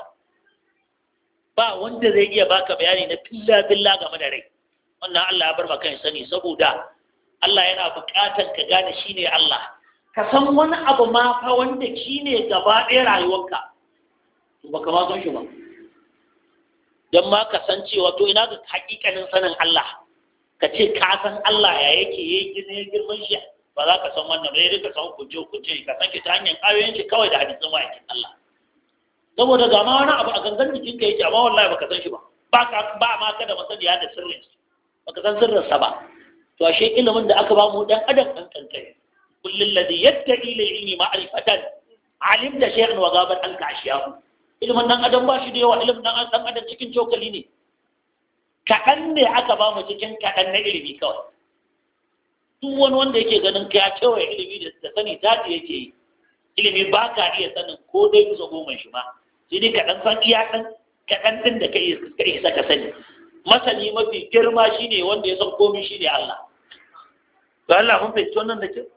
ba wanda zai iya baka bayani na filla filla game da rai wannan Allah ya bar maka sani saboda Allah yana buƙatar ka gane shi ne Allah ka san wani abu ma fa wanda shi ne gaba ɗaya rayuwarka to baka ma san shi ba don ma ka san cewa to ina ga hakikanin sanin Allah ka ce ka san Allah ya yake yayi girman girman shi ba za ka san wannan ba sai ka san kuje kuje ka san ki ta hanyar ayoyin shi kawai da hadisin wa'akin Allah saboda ga ma wani abu a gangan jikin ka yake amma wallahi baka san shi ba ba ma ka da masaniya da sirrin shi baka san sirrinsa ba to ashe ilimin da aka ba mu dan adam dan kankare kullul ladhi yattaqi lil ilmi ma'rifatan alim da shay'an wa gabat an kashiya ilimin dan adam ba shi da yawa ilimin dan adam cikin cokali ne kaɗan ne aka ba mu cikin kaɗan na ilimi kawai duk wani wanda yake ganin ka ya cewa ilimi da sani ta yake ilimi ba ka iya sanin ko dai bisa goma shi ma sai dai kaɗan san iya ɗan kaɗan ɗin da ka iya ka sani masani mafi girma shi ne wanda ya san komai ne Allah ga Allah mun fahimci wannan da kyau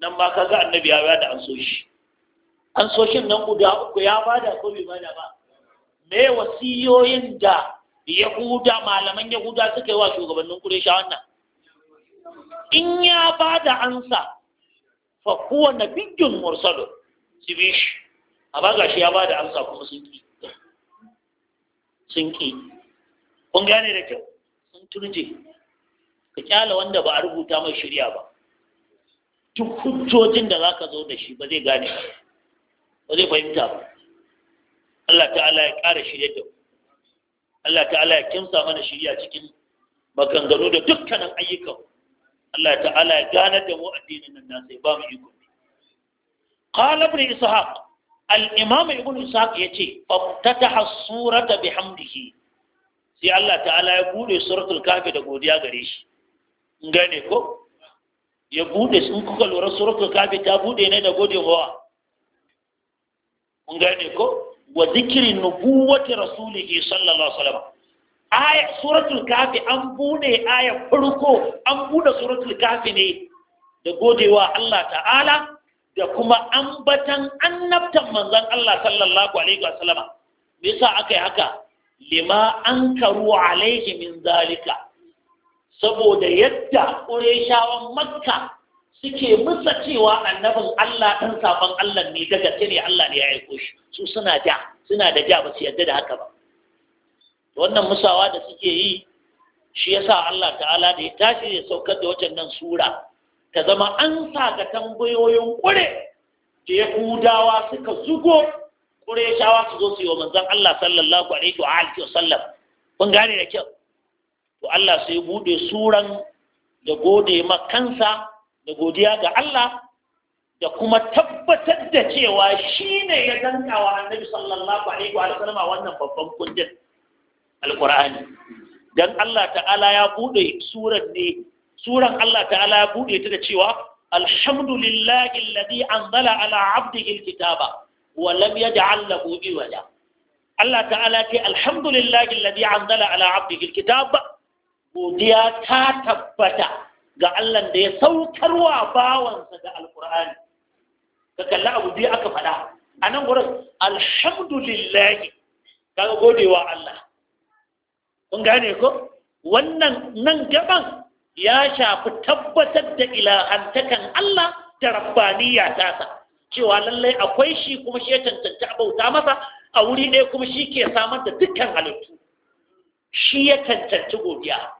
nan ka ga annabi ya da an so shi an so shin nan guda uku ya da ko bai da ba me wasiyoyin da yahuda malaman yahuda suka yi wa shugabannin sha wannan in ya ba bada ansa fa huwa nabiyyun mursalun sibish ga shi ya ba da ansa kuma sun ki sun ki kun gane da kyau sun turje ka kyala wanda ba a rubuta mai shirya ba duk hujjojin da za ka zo da shi ba zai gane ba ba zai fahimta ba Allah ta'ala ya ƙara shirya da Allah ta'ala ya kimsa mana shirya cikin maganganu da dukkanin ayyukan Allah ta'ala ya gane da mu addinin nan nasa ya ba mu iko qala ibn ishaq al-imam ibn ishaq yace faftataha surata bihamdihi sai Allah ta'ala ya bude suratul kafi da godiya gare shi gane ko ya bude sun kuka lura suratul kafi ta bude ne da gode wa gane ko wa zikri nubuwati rasulihi sallallahu alaihi wasallam aya suratul kafi an bude aya farko an bude suratul kafi ne da godewa Allah ta'ala da kuma ambatan annabtan manzon Allah sallallahu alaihi wasallama me yasa aka yi haka lima an karu alaihi min zalika saboda yadda ƙureshawan makka suke musa cewa annabin Allah ɗan safon Allah ne daga ne Allah ne ya aiko shi su suna da suna da ja ba su yadda da haka ba wannan musawa da suke yi shi yasa Allah ta'ala da ya tashi ya saukar da wajen nan sura ta zama an sa ga tambayoyin ƙure da Yahudawa suka zugo ya Qurayshawa su zo su yi wa manzon Allah sallallahu alaihi wa alihi wa sallam kun gane da kyau to Allah sai bude suran da gode ma kansa da godiya ga Allah da kuma tabbatar da cewa shi ne ya danka wa Annabi sallallahu alaihi wa sallam wannan babban kundin alqur'ani dan Allah ta'ala ya bude surar ne suran Allah ta'ala ya bude ta da cewa alhamdulillahi alladhi anzala ala abdihi alkitaba wa da yaj'al lahu iwaja Allah ta'ala ce alhamdulillahi alladhi anzala ala 'abdihi alkitab godiya ta tabbata ga Allah da ya saukarwa bawansa da alqur'ani ka kalli abu biyu aka faɗa a nan gurin alhamdulillahi kaga godewa Allah kun gane ko wannan nan gaban ya shafi tabbatar da ilahantakan Allah da rabbaniya tasa cewa lallai akwai shi kuma shi ya cancanci a masa a wuri ɗaya kuma shi ke samar da dukkan halittu shi ya cancanci godiya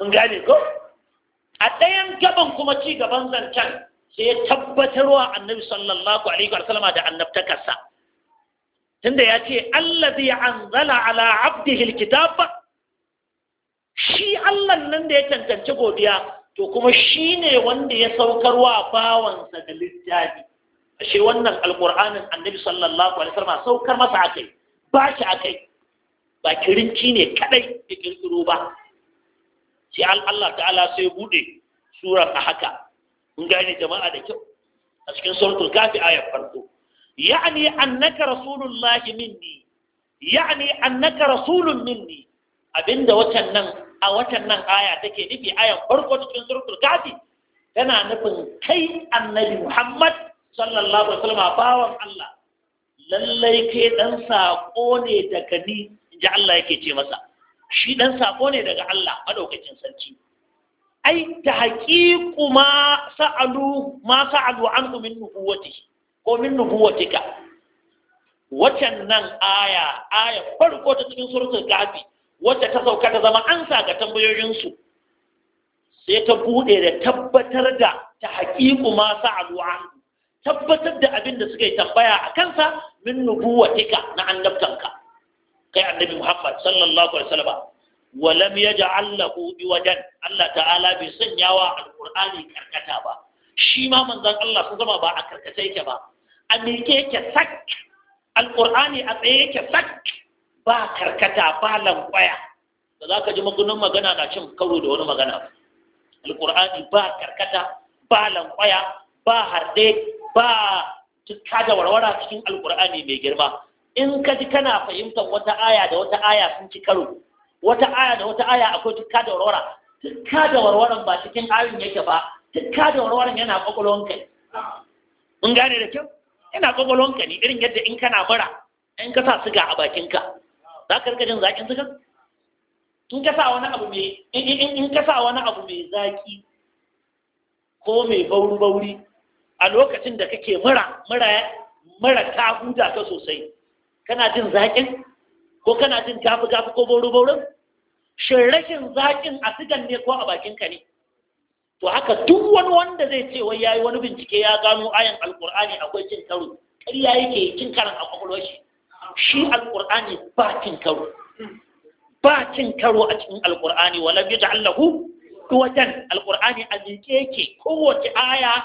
mun gane ko a ɗayan gaban kuma ci gaban zancen sai ya tabbatarwa annabi sallallahu alaihi wa sallama da annabtakarsa tunda ya ce allazi anzala ala abdihi alkitab shi Allah nan da ya cancanci godiya to kuma shi ne wanda ya saukarwa bawansa da littafi ashe wannan alƙur'anin annabi sallallahu alaihi wasallam saukar masa akai ba shi akai ba kirinci ne kadai da kirkiro ba sai Allah ta'ala sai bude surar a haka mun gane jama'a da kyau a cikin suratul kafi ayar farko ya'ni annaka rasulullahi minni ya'ni annaka rasulun minni abinda watan nan a watan nan aya take nufi ayar farko cikin suratul kafi tana nufin kai annabi Muhammad sallallahu alaihi wasallam bawan Allah lallai kai dan sako ne daga ni inji Allah yake ce masa shi dan sako ne daga Allah madaukakin sarki ai ta haqiqu ma sa'alu ma sa'alu an min nubuwatihi ko min nubuwatika wacan nan aya aya farko ta cikin suratul gafi wacce ta sauka ta zama ansa ga tambayoyinsu sai ta bude da tabbatar da ta haqiqu ma sa'alu anhu tabbatar da abin da suka yi tambaya a kansa min nubuwatika na annabtanka kai annabi Muhammad sallallahu alaihi wasallam wa lam yaj'al lahu iwajan Allah ta'ala bai sanyawa alqur'ani karkata ba shi ma manzon Allah sun zama ba a karkata yake ba a miƙe yake sak alqur'ani a tsaye yake sak ba karkata ba lankwaya da za ka ji magunan magana na cin karo da wani magana alqur'ani ba karkata ba lankwaya ba harde ba ta da warwara cikin alkur'ani mai girma in ka ji kana fahimtar wata aya da wata aya sun ci karo wata aya da wata aya akwai tukka da warwara tukka da warwaran ba cikin ayin yake ba tukka da warwaran yana kwakwalon ne mun gane da kyau yana ka ne irin yadda in kana mura in ka sa siga a bakinka za ka rika jin zakin sigar in ka sa wani abu mai in ka sa wani abu mai zaki ko mai bauri bauri a lokacin da kake mura mura mara ta huta ka sosai kana jin zaƙin ko kana jin gafi gafi ko boro boro shin rashin zakin a sigan ne ko a bakin ka ne to haka duk wani wanda zai ce wai yayi wani bincike ya gano ayan alqur'ani akwai cin karo ƙarya yake cin karan a kwakwalwar shi shi alqur'ani ba cin karo ba cin karo a cikin alqur'ani wala yaj'al lahu wajen alqur'ani a yake kowace aya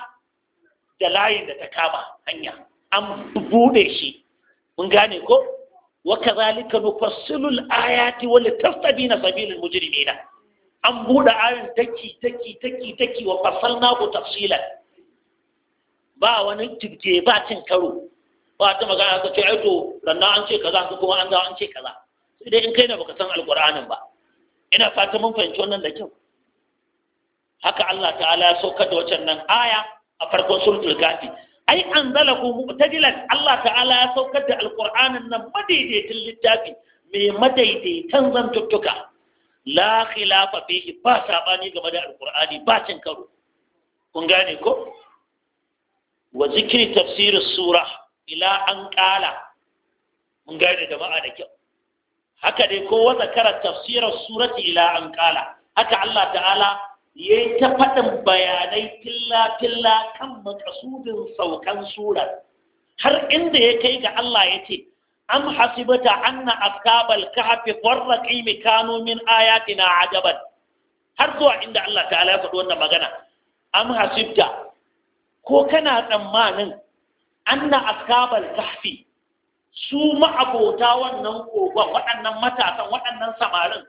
da layin da ta kama hanya an buɗe shi mun gane ko wa kazalika nufassilu al-ayati wa litastabina sabilul mujrimina an buɗe ayin taki taki taki taki wa fasalna bu tafsilan ba wani tirje ba cin karo ba ta magana ka ce ai sannan an ce kaza ko kuma an ga an ce kaza sai dai in kai na baka san alqur'anin ba ina fata mun fahimci wannan da kyau haka Allah ta'ala ya saukar da wacan nan aya a farkon suratul kafi ai an zala ku mutajilan Allah ta'ala ya saukar da alƙur'anin nan madaidaitin littafi mai madaidaitan zantuttuka la khilafa fihi ba sabani game da alƙur'ani ba cin karo kun gane ko wa zikri tafsirin sura ila an ƙala mun gane jama'a da kyau haka dai kowa zakara tafsirin surati ila an ƙala haka Allah ta'ala ya yi ta faɗin bayanai filla-filla kan makasudin saukan surar har inda ya kai ga Allah ya ce am hasibata anna askabal kahfi warraqi mikanu min ayatina ajaban har zuwa inda Allah ta'ala ya faɗi wannan magana An hasibta ko kana tsammanin anna askabal kahfi su ma'abota wannan kogon waɗannan matasan waɗannan samarin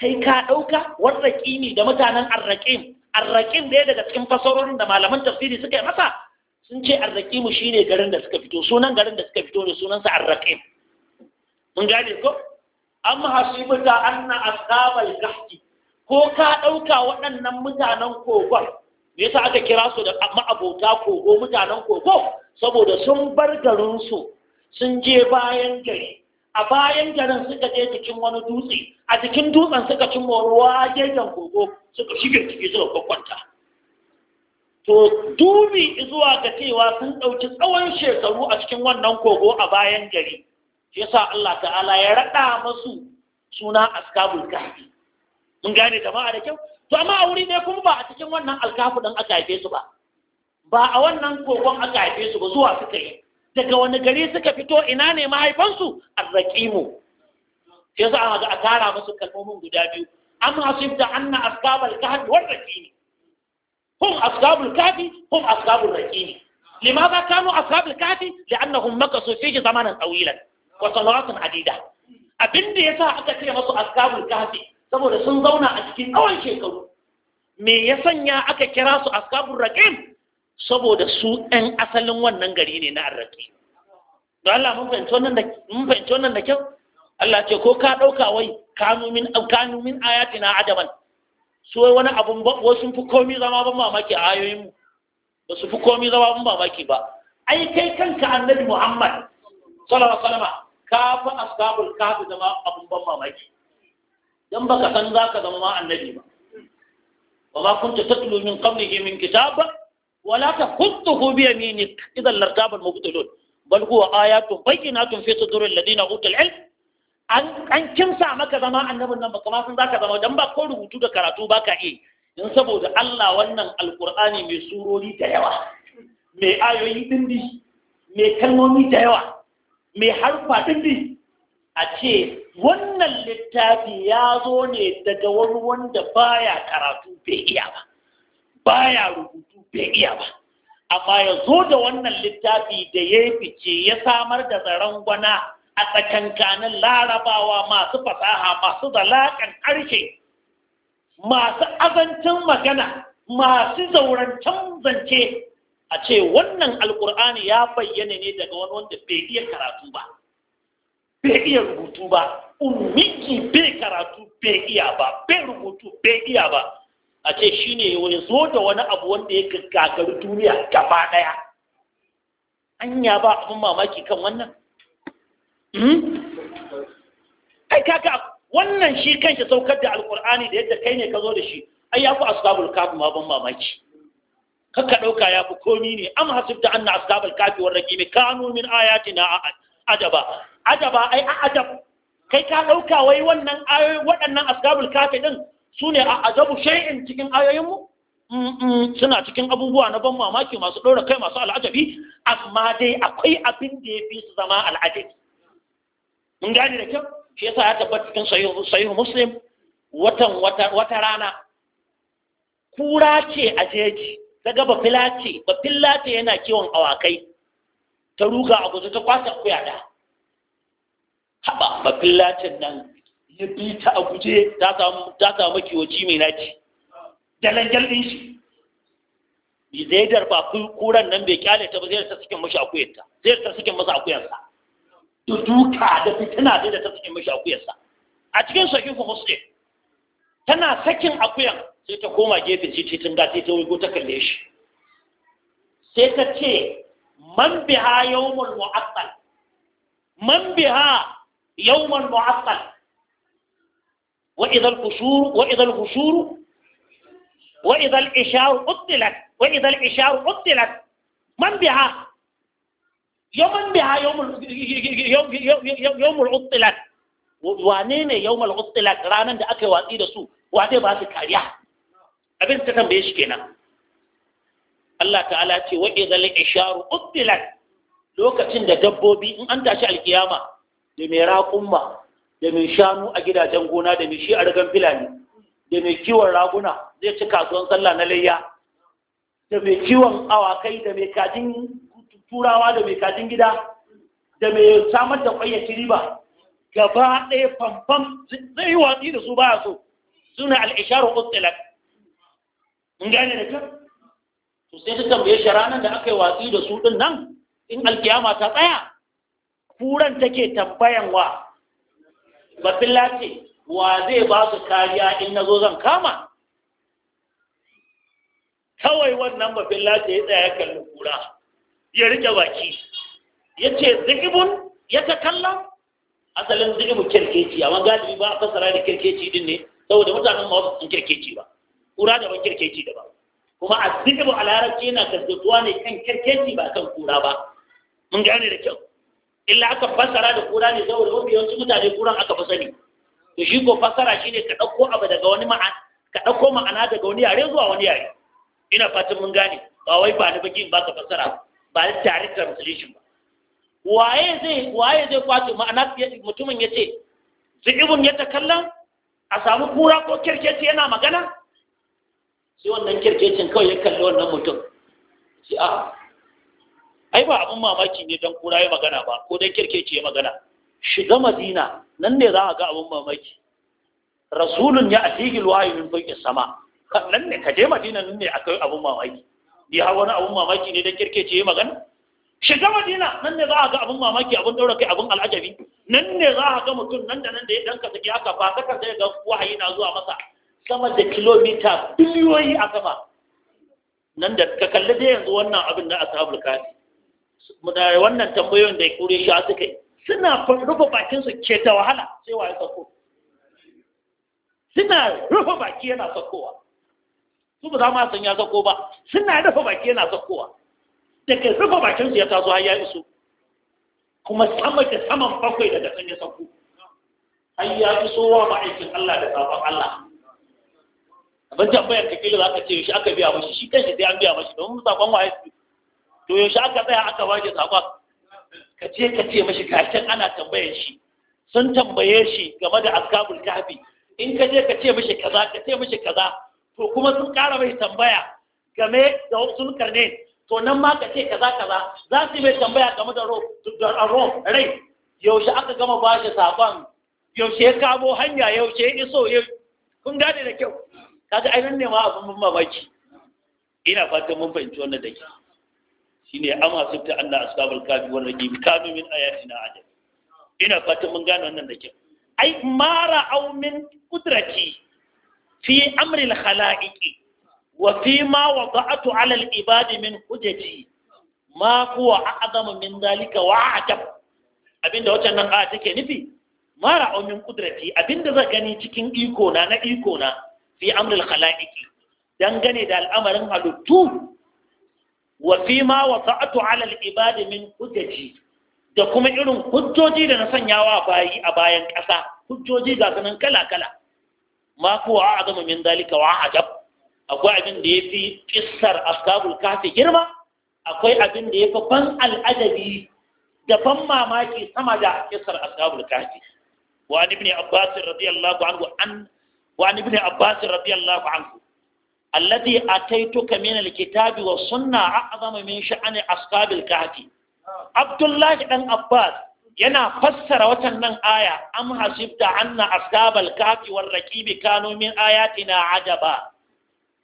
kai ka ɗauka warraƙimi da mutanen arraƙim arraƙim ɗaya daga cikin fasarorin da malaman tafsiri suka yi masa sun ce arraƙimu shine garin da suka fito sunan garin da suka fito ne sunansa arraƙim mun gane ko an ta anna ashabal kahfi ko ka ɗauka waɗannan mutanen kogon me yasa aka kira su da ma'abota kogo mutanen kogo saboda sun bar garinsu sun je bayan gari a bayan garin suka je cikin wani dutse a cikin dutsen suka cin ruwa gejan gogo suka shige ciki suka kwakwanta to dubi zuwa ga cewa sun ɗauki tsawon shekaru a cikin wannan kogo a bayan gari shi yasa Allah ta'ala ya raɗa masu suna askabul kahfi mun gane jama'a da kyau to amma a wuri ne kuma ba a cikin wannan alkafu ɗin aka haife su ba ba a wannan kogon aka haife su ba zuwa suka yi daga wani gari suka fito ina ne mahaifansu arraqimu sai za a ga a tara musu kalmomin guda biyu am hasibta anna ashabal kahf wal raqimi hum ashabul kahf hum ashabul raqimi لماذا كانوا أصحاب الكهف؟ لأنهم مكثوا فيه زمانا طويلا وسنوات عديدة abin da ya sa aka ce masu ashabul kahfi saboda sun zauna a cikin tsawon shekaru me ya sanya aka kira su ashabul raqim saboda su ɗan asalin wannan gari ne na arraki da Allah mun fahimci wannan da kyau Allah ce ko ka ɗauka wai kanu min kanu min ayatina ajaban su wai wani abun ba wasu fi komi zama ban mamaki a ayoyin mu ba su fi komi zama ban mamaki ba ai kai kanka annabi Muhammad sallallahu alaihi wasallam ka fa ashabul kahf zama abun ban mamaki dan baka san zaka zama annabi ba wa ma kunta tatlu min qablihi min kitaba wala takhuttuhu bi yaminik idan lartaba al-mubtilun bal huwa ayatun bayyinatun fi suduril ladina an an kimsa maka zama annabin nan baka ma san zaka zama dan ba ko rubutu da karatu baka yi dan saboda Allah wannan alqur'ani mai surori da yawa mai ayoyi dindi mai kalmomi da yawa mai harfa dindi a ce wannan littafi ya zo ne daga wani wanda baya karatu bai iya ba baya rubutu bai iya ba amma ya zo da wannan littafi da ya fice ya samar da tsaron gwana a tsakankanin larabawa masu fasaha masu zalaƙan harshe masu azancin magana masu zaurancen zance a ce wannan alkur'ani ya bayyana ne daga wani wanda bai iya karatu ba bai iya rubutu ba ummiki bai karatu bai iya ba bai rubutu bai iya ba a ce shi ne ya zo da wani abu wanda ya gagari duniya gaba ɗaya anya ba abin mamaki kan wannan kai hmm? kaka wannan shi kanshi saukar da alkur'ani da yadda kai ne ka zo da shi ai ya fi asbabul kafi ma ban mamaki kakka ɗauka ya fi komi ne am an na asbabul kafi war raqimi Ka min na adaba adaba ai adab kai ka ɗauka wai wannan waɗannan asbabul kafi din su ne a ajabu shay'in cikin ayoyinmu mm, mm, suna cikin abubuwa na ban mamaki masu ɗora kai masu al'ajabi amma dai akwai abin da ya fi su zama al'ajabi mun gani da kyau shi yasa ya tabbata cikin sahihu muslim watan wata rana kura ce a jeji ta bafila ce bafila ce yana kiwon awakai ta ruga a guzu ta kwasa kuya da bafila ce nan ya bi ta a guje ta samu makiwaci mai naci dalangal ɗin shi bi zai darba kuran nan bai kyale ta ba zai ta cikin mashi akuyarta zai ta cikin masa akuyarsa da duka da fitina zai da ta cikin mashi akuyarsa a cikin sahihu muslim tana sakin akuyan sai ta koma gefen shi titin ga sai ta wugo ta kalle shi sai ta ce man biha yawmul mu'aqqal man biha yawmul mu'aqqal وإذا القشور وإذا القشور وإذا العشار عطلت وإذا العشار عطلت من بها يوم بها يوم يوم يوم يوم العطلت ranar da aka watsi da su wa zai ba su kariya abin ta tambaye shi kenan Allah ta'ala ce wa izal isharu uttilat lokacin da dabbobi in an tashi alkiyama da mai raƙumma da mai shanu a gidajen gona da mai shi a ragan filani da mai kiwon raguna zai ci kasuwan sallah na layya da mai kiwon awakai da mai kajin turawa da mai kajin gida da mai samar da kwayyaci riba gaba ɗaya famfam zai yi watsi da su ba so suna al'isharu ƙutsilar in gane da kyau sai ta tambaye shi ranar da aka yi watsi da su ɗin nan in alkiyama ta tsaya kuran take tambayan wa bafilla wa zai ba su kariya in na zo zan kama kawai wannan bafilla ya tsaya kallon kura ya rike baki ya ce zikibun ya ta kalla asalin zikibu kirkeci amma galibi ba a fasara da kirkeci din ne saboda mutanen ma wasu sun kirkeci ba kura daban kirkeci daban kuma a zikibu a larabci yana kasantuwa ne kan kirkeci ba kan kura ba mun gane da kyau illa aka fasara da kura ne saboda mafi yawancin mutane kuran aka fi sani to shi ko fasara shine ka dauko abu daga wani ma'ana ka dauko ma'ana daga wani yare zuwa wani yare ina fatan mun gane ba wai ba ni bakin ba ka fasara ba ni tare translation ba waye zai waye zai kwato ma'ana mutumin yace zibun ya takallam a samu kura ko kirkeci yana magana sai wannan kirkecin kawai ya kalli wannan mutum sai a ai ba abin mamaki ne dan kura ya magana ba ko dan kirkece ya magana shiga madina nan ne za a ga abin mamaki rasulun ya atihi alwahyi min fawqi sama nan ne ka je madina nan ne akai abin mamaki bi ha wani abin mamaki ne dan ce ya magana shiga madina nan ne za a ga abin mamaki abin daura kai abin al'ajabi nan ne za a ga mutum nan da nan da ya danka take haka ba saka sai ga wahayi na zuwa masa sama da kilomita biliyoyi a sama nan da ka kalli da yanzu wannan abin da ashabul kafi mudare wannan tambayoyin da kure shi suka yi suna rufe bakin su ke ta wahala sai wa ya sako suna rufe baki yana sakowa su ba za ma san ya sako ba suna rufe baki yana sakowa daga rufe bakin su ya taso har ya iso kuma sama da saman bakwai daga kan ya sako har ya iso wa ma'aikin Allah da sabon Allah abin tambayar ka kila za ka ce shi aka biya mashi shi kanshi sai an biya mashi don sabon wa ya to yaushe aka tsaya aka waje sakon ka ce ka ce mashi kashin ana tambayar shi sun tambaye shi game da askabul kahfi in ka je ka ce mashi kaza ka ce mashi kaza to kuma sun ƙara mai tambaya game da sun karne to nan ma ka ce kaza kaza za su mai tambaya game da ro rai yaushe aka gama ba shi sakon yaushe ya kamo hanya yaushe ya iso ya kun gane da kyau kaga ainihin ne ma abin mamaki ina fatan mun fahimci wannan da kyau shine ama sutta anna ashabul kafi wal rajim kanu min ayatina ajab ina fatan mun gane wannan da kyau ai mara au min qudrati fi amri al khalaiqi wa fi ma wada'tu ala al ibadi min hujjati ma huwa a'zamu min dalika wa ajab abinda wacce nan aya take nufi mara au min qudrati abinda zan gani cikin iko na na iko na fi amri al khalaiqi dangane da al'amarin halittu wa fi ma wasa'atu ala al-ibad da kuma irin hujjoji da na sanyawa bayi a bayan ƙasa hujjoji ga sanan kala kala ma kuwa a gama min dalika wa ajab akwai abin da ya fi kissar ashabul kafi girma akwai abin da ya fi ban al'ajabi da ban mamaki sama da kissar ashabul kafi wa ibn abbas radiyallahu anhu an wa ibn abbas radiyallahu anhu alladhi ataituka min alkitabi wa sunna a'zama min sha'ani ashabil kahfi abdullahi dan abbas yana fassara watannan aya am hasibta anna ashabal kahfi war raqibi kanu min ayatina ajaba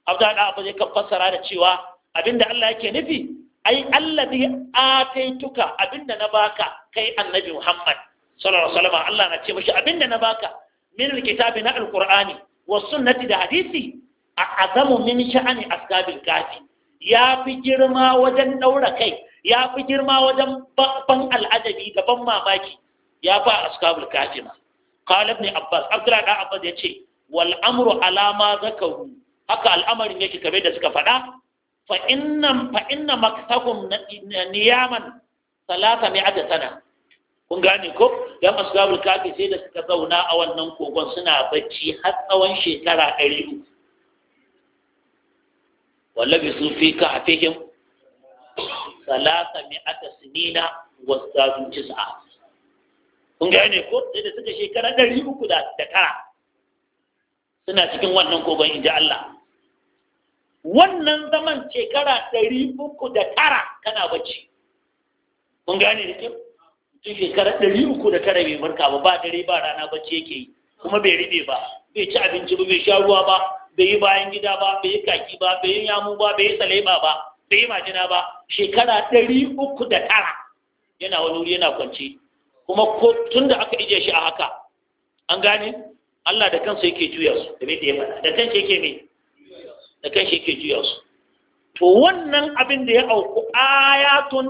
abdullahi da abbas yake fassara da cewa abinda Allah yake nufi ai alladhi ataituka abinda na baka kai annabi muhammad sallallahu alaihi wasallam Allah na ce mishi abinda na baka min alkitabi na alqur'ani wa sunnati da hadisi a azamu min sha'ani ashabil kafi ya fi girma wajen ɗaura kai ya fi girma wajen ban al'adabi da ban mamaki ya fa ashabul kafi ma qala ibn abbas abdullahi da abbas yace wal amru ala ma zakaru haka al'amarin yake kabe da suka faɗa fa inna fa inna maktahum niyaman salata mi'ata sana kun gane ko yan ashabul kafi sai da suka zauna a wannan kogon suna bacci har tsawon shekara 300 wallabi su fi ka a fihim salata mai aka sinina wasu zazun tisa kun ne ko sai da suka shekara ɗari uku da tara suna cikin wannan kogon in ji Allah wannan zaman shekara ɗari uku da tara kana bacci mun gane da kyau tun shekara ɗari uku da tara bai barka ba ba dare ba rana bacci yake yi kuma bai riɓe ba bai ci abinci ba bai sha ruwa ba bai yi bayan gida ba bai yi kaki ba bai yi yamu ba bai yi saleba ba bai yi majina ba shekara ɗari uku da tara yana wani wuri yana kwance kuma ko tun da aka ije shi a haka an gane Allah da kansa yake juya su da bai da da kansa yake me da kansa yake juya su to wannan abin da ya auku ayatun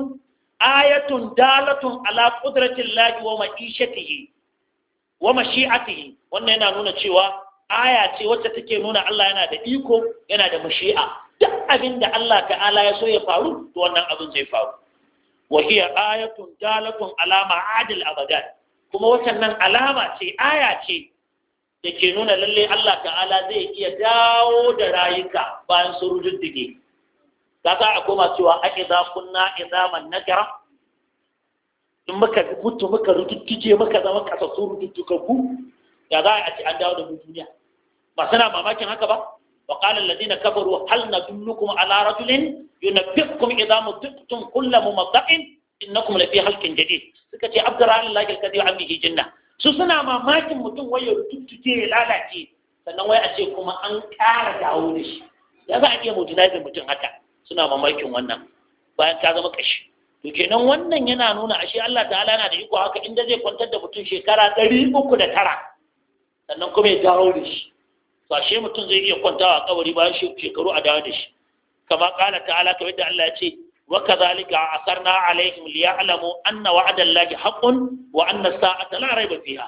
ayatun dalatun ala qudratillahi wa ma'ishatihi wa mashi'atihi wannan yana nuna cewa aya ce wacce take nuna Allah yana da iko yana da mashi'a duk abin da Allah ta'ala ya so ya faru to wannan abin zai faru wa hiya ayatun dalatun ala ma'adil abadan kuma watannan alama ce aya ce da ke nuna lalle Allah ta'ala zai iya dawo da rayuka bayan sun rujuddige ka a koma cewa a idza kunna idaman nakara in muka mutu muka rututtuke muka zama kasassu rututtuka ku ya za a ce an dawo da mu duniya ba suna mamakin haka ba wa qala alladhina kafaru hal nadullukum ala rajulin yunabbiukum idza mutaqtum kullu mumatta'in innakum la fi halqin jadid suka ce abdurrahman lahi alkadi an bihi janna su suna mamakin mutum wai ya ya lalace sannan wai a ce kuma an ƙara dawo da shi ya za a iya mutunafin mutum haka suna mamakin wannan bayan ta zama ƙashi. to kenan wannan yana nuna ashe Allah ta'ala yana da iko haka inda zai kwantar da mutum shekara ɗari uku da tara sannan kuma ya dawo da shi ba shi mutum zai iya kwantawa a kabari bayan shekaru a dawo da shi kama kala ta'ala kamar yadda Allah ya ce wa kadhalika asarna alaihim liya'lamu anna wa'ada Allahi haqqun wa anna a talarai ba fiya.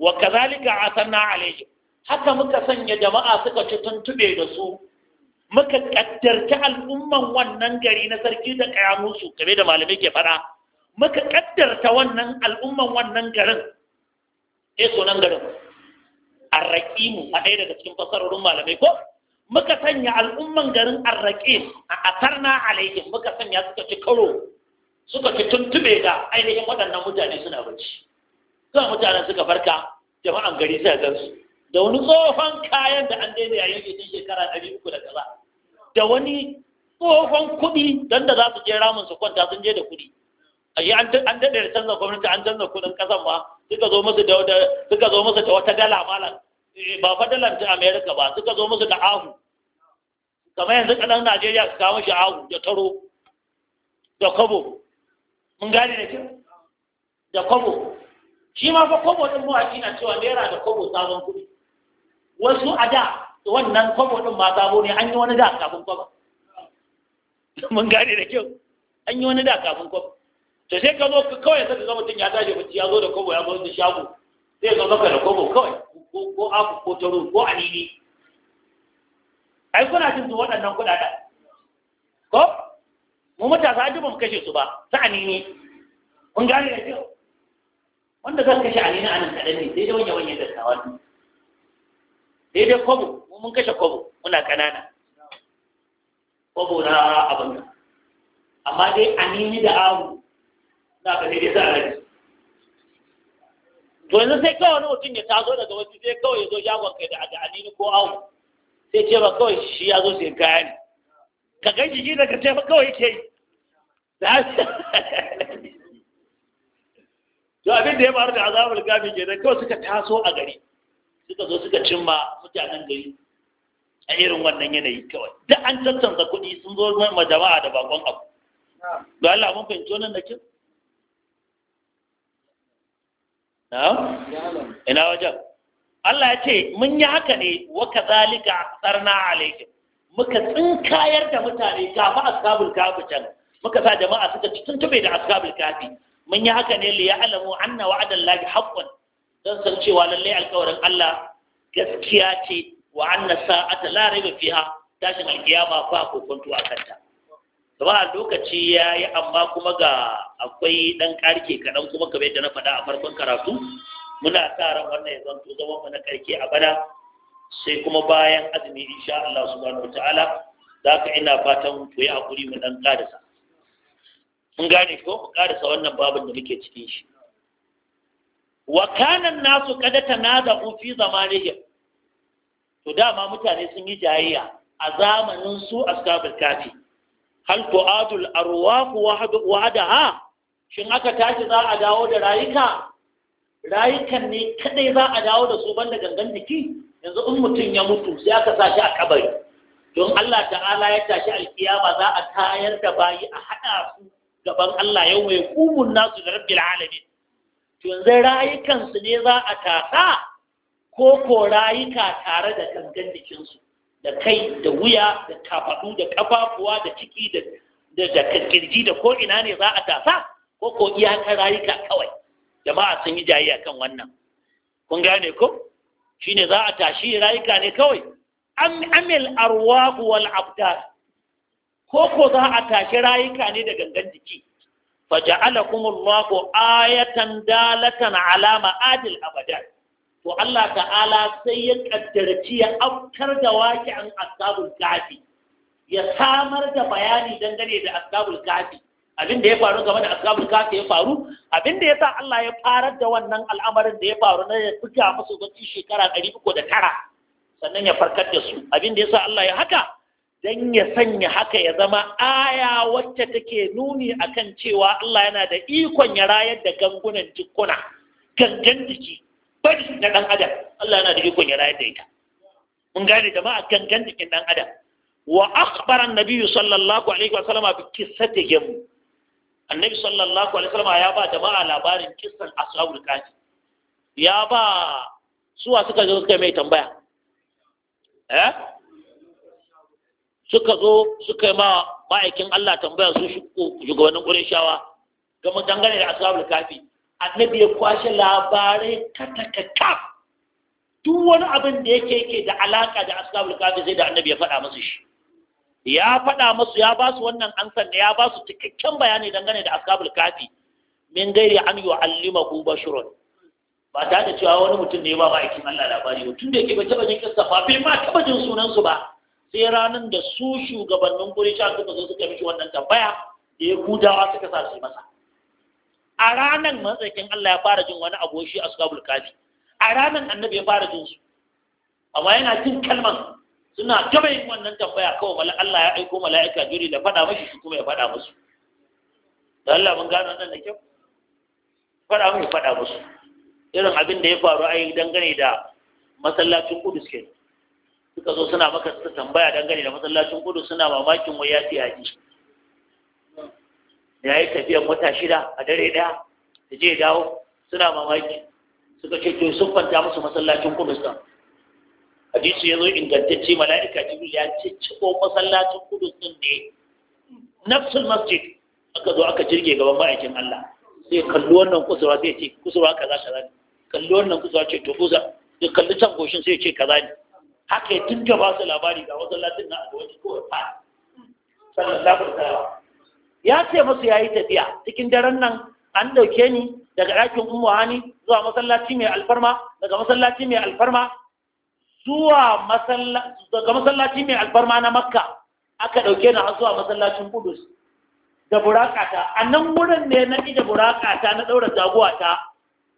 wa kadhalika asarna alaihim haka muka sanya jama'a suka ci tuntube da su muka kaddarci al'umman wannan gari na sarki da kayamusu kamar da malamai ke fara? muka kaddarta wannan al'umman wannan garin eh sunan garin arraƙimu a ɗaya daga cikin fasarorin malamai ko muka sanya al'umman garin arraƙim a atarna alaikin muka sanya suka ci karo suka ci tuntube da ainihin waɗannan mutane suna bacci suna mutanen suka farka jama'an gari sai gan su da wani tsohon kayan da an daina yayin ke shekara ɗari uku da kaza da wani tsohon kuɗi don da za su je ramin su kwanta sun je da kuɗi yi an daɗe da canza gwamnati an canza kuɗin ƙasan ma suka zo musu da wata dala malam ba fadalar ta america ba suka zo musu da ahu kamar yanzu kadan najeriya su kawo shi ahu da taro da kobo mun gane da kyau da kobo shi ma fa kobo din mawaki na cewa naira da kobo sabon kuɗi wasu a da wannan kobo din ma sabo ne an yi wani da kafin kobo mun gane da kyau an yi wani da kafin kobo to sai ka zo kawai sai ka ga mutum ya tashi mutum ya zo da kobo ya zo da shago zai zo maka da kobo kawai ko ko aku ko taro ko alili ai kuna jin su waɗannan kuɗaɗen ko mu matasa an ji mu kashe su ba ta anini kun gane da kyau wanda zan kashe anini a nan kaɗan ne daidai wanya wanya dattawa ne daidai kobo mu mun kashe kobo muna ƙanana kobo na abin nan amma dai anini da awu na ka daidai za a rage to yanzu sai kawai wani mutum ya taso daga wasu sai kawai ya zo ya kai da alini ko awu sai ce ba kawai shi ya zo sai kaya ne ka gan shi daga ka ce ba kawai ke yi to abin da ya faru da azabar gami ke kawai suka taso a gari suka zo suka cimma mutanen gari a irin wannan yanayi kawai da an tattanta kuɗi sun zo ma jama'a da bakon abu ga Allah mun fahimci wannan da kin na'am ina wajen Allah ya ce mun yi haka ne wa kazalika tsarna alaikum muka tsinkayar da mutane kafa ashabul kafi can muka sa jama'a suka ci tuntube da ashabul kafi mun yi haka ne liya alamu anna wa'adallahi haqqun dan san cewa lallai alƙawarin Allah gaskiya ce wa anna sa'ata la raiba fiha tashin alkiyama ba ko kwanto a kanta zama lokaci ya yi amma kuma ga akwai ɗan ƙarke kaɗan kuma kamar yadda na faɗa a farkon karatu muna sa ran wannan ya zanto zama mu na ƙarke a bana sai kuma bayan azumi insha Allah subhanahu wa ta'ala za ka ina fatan ku yi haƙuri mu ɗan ƙarisa. mun gane ko mu ƙarisa wannan babin da muke cikin shi wa kanan nasu kada tanaza'u fi zamanihim to dama mutane sun yi jayayya a zamanin su ashabul kafi hal tu'adul arwah wahdaha shin aka tashi za a dawo da rayuka rayukan ne kadai za a dawo da su banda gangan jiki yanzu in mutum ya mutu sai aka sa shi a kabari don Allah ta'ala ya tashi alkiyama za a tayar da bayi a hada su gaban Allah yau mai kumun nasu da rabbil alamin to yanzu rayukan su ne za a tasa ko ko rayuka tare da gangan jikinsu da kai da wuya da kafaɗu da ƙafafuwa da ciki da kirji da ko ina ne za a tasa ko ko iyakar rayuka kawai jama'a sun yi jayi kan wannan kun gane ko shine za a tashi rayuka ne kawai am amil arwahu wal abdar ko ko za a tashi rayuka ne da gangan jiki faja'alakumullahu ayatan dalatan ala ma'adil abadan to Allah ta'ala sai ya kaddarci ya afkar da waki an asabul kafi ya samar da bayani dangane da asabul kafi abin da ya faru game da asabul kafi ya faru abin da yasa Allah ya farar da wannan al'amarin da ya faru na ya fita musu gwamnati shekara 309 sannan ya farkar da su abin da yasa Allah ya haka dan ya sanya haka ya zama aya wacce take nuni akan cewa Allah yana da ikon ya rayar da gangunan jikuna gangan jiki bari na ɗan adam Allah yana da ikon ya rayar da ita mun gane jama'a gangan jikin ɗan adam wa na biyu sallallahu alaihi wa sallama bi qissatihim annabi sallallahu alaihi wa sallama ya ba jama'a labarin a ashabul kafi ya ba suwa suka zo suka mai tambaya eh suka zo suka ma ma'aikin Allah tambaya su shugabannin ƙureshawa game dangane da ashabul kafi annabi ya kwashe labarai takaka duk wani abin da yake yake da alaka da ashabul kafi sai da annabi ya faɗa musu shi ya faɗa musu ya ba su wannan ansa da ya ba su cikakken bayani dangane da ashabul kafi min gairi an yu'allimahu bashrun ba ta da cewa wani mutum ne ba ba aikin Allah labari ba tun da yake ba taba jin kissa ba bai ma taba jin sunan su ba sai ranan da su shugabannin gurin sha suka zo suka miki wannan tambaya da ya kudawa suka sa su masa a ranar matsakin Allah ya fara jin wani abu shi ashabul kafi a ranar annabi ya fara jin su amma yana jin kalman suna gaba yin wannan tambaya kawai mala Allah ya aiko mala'ika juri da faɗa mashi shi kuma ya faɗa musu da Allah mun gano nan da kyau faɗa mun ya faɗa musu irin abin da ya faru a yi dangane da masallacin kudus ke suka zo suna maka tambaya dangane da masallacin kudus suna mamakin wai ya fi haji ya yi tafiyan wata shida a dare ɗaya da je dawo suna mamaki suka ce to sun fanta musu masallacin kudus ɗin hadisi ya zo ingantacce mala'ika jibril ya ce ciko masallacin kudus ɗin ne nafsul masjid aka zo aka jirge gaban ma'aikin Allah sai kallu wannan kusurwa sai ce kusurwa kaza kaza ne Kallu wannan kusurwa ce to kusa sai kalli can goshin sai ce kaza ne haka ya tunka ba su labari ga masallacin na a wajen kowai fa sallallahu alaihi wasallam ya ce musu ya yi tafiya cikin daren nan an ɗauke ni daga ɗakin ummu hani zuwa masallaci mai alfarma daga masallaci mai alfarma zuwa daga masallaci mai alfarma na makka aka ɗauke ni zuwa masallacin kudus da burakata a nan wurin ne na da burakata na ɗaura jagowa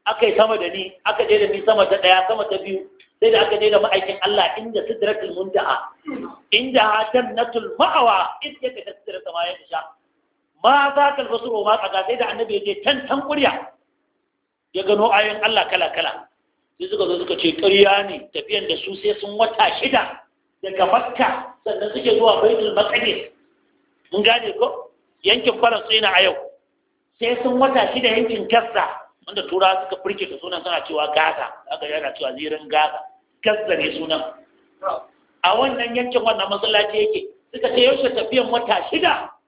aka yi sama da ni aka je da ni sama ta ɗaya sama ta biyu sai da aka je da ma'aikin Allah inda sidratul muntaha inda ha jannatul ma'awa iska ka tasira sama ya sha ma za ka basuru ma tsaga sai da annabi ya je can can kurya ya gano ayin Allah kala kala sai suka zo suka ce ƙarya ne tafiyan da su sai sun wata shida daga Makka sannan suke zuwa Baitul Maqdis mun gane ko yankin na a yau sai sun wata shida yankin kassa. wanda tura suka furke da sunan suna cewa Gaza aka yana cewa zirin Gaza kassa ne sunan a wannan yankin wannan masallaci yake suka ce yaushe tafiyan wata shida